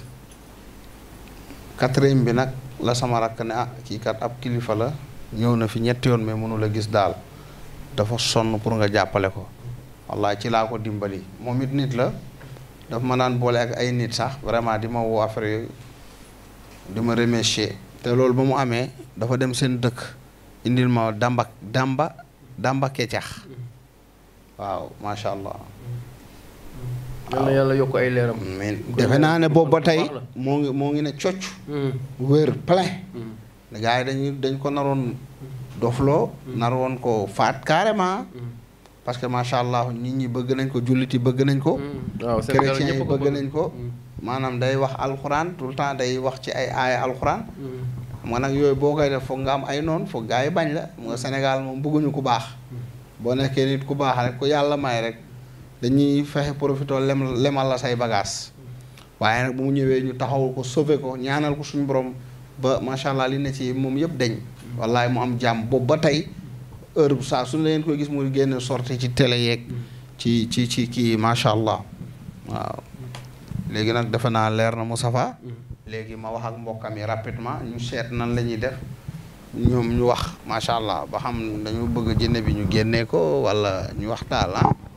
[SPEAKER 2] quatrième bi nag la sama rakk ne ah kii kat ab kilifa la ñëw na fi ñetti yoon mais mënula gis daal dafa sonn pour nga jàppale ko wallaay ci laa ko dimbali moom it nit la daf ma naan boole ak ay nit sax vraiment di ma woo affaire di ma remercier te loolu ba mu amee dafa dem seen dëkk indil ma dàmba damba damba kecax waaw macha allah. yàlla yokk ay leeram. defe naa ne boobu ba tey moo ngi moo ngi ne cocc. Hmm. wér plein. Hmm. gaa yi dañuy dañ ko naroon dofloo. Hmm. naroon ko faat carrément. parce que macha allah nit ñi bëgg nañ ko jullit yi bëgg nañ ko. waaw yi bëgg nañ ko. maanaam day wax alxuraan tout le temps day wax ci ay aaya alxuraan. xam nga nag yooyu boo koy def foog nga am ay noonu foog gaa yi bañ la xam nga Sénégal moom bëgguñu ku baax boo nekkee nit ku baax rek ku yàlla may rek dañuy fexe profito lem lemal la say bagage waaye nag bu mu ñëwee ñu taxawul ko sauver ko ñaanal ko suñu borom ba macha allah li ne ci moom yëpp dañ. wallaay mu am jàmm boobu ba tey heure bu saa suñu leen koy gis muy génn sorti ci télé yeeg. ci ci ci kii macha allah waaw léegi nag defe naa leer na Moustapha léegi ma wax ak mbokkam yi rapidement ñu seet nan la ñuy def ñoom ñu wax macha allah ba xam dañu bëgg a jinne bi ñu génnee ko wala ñu wax daal ah.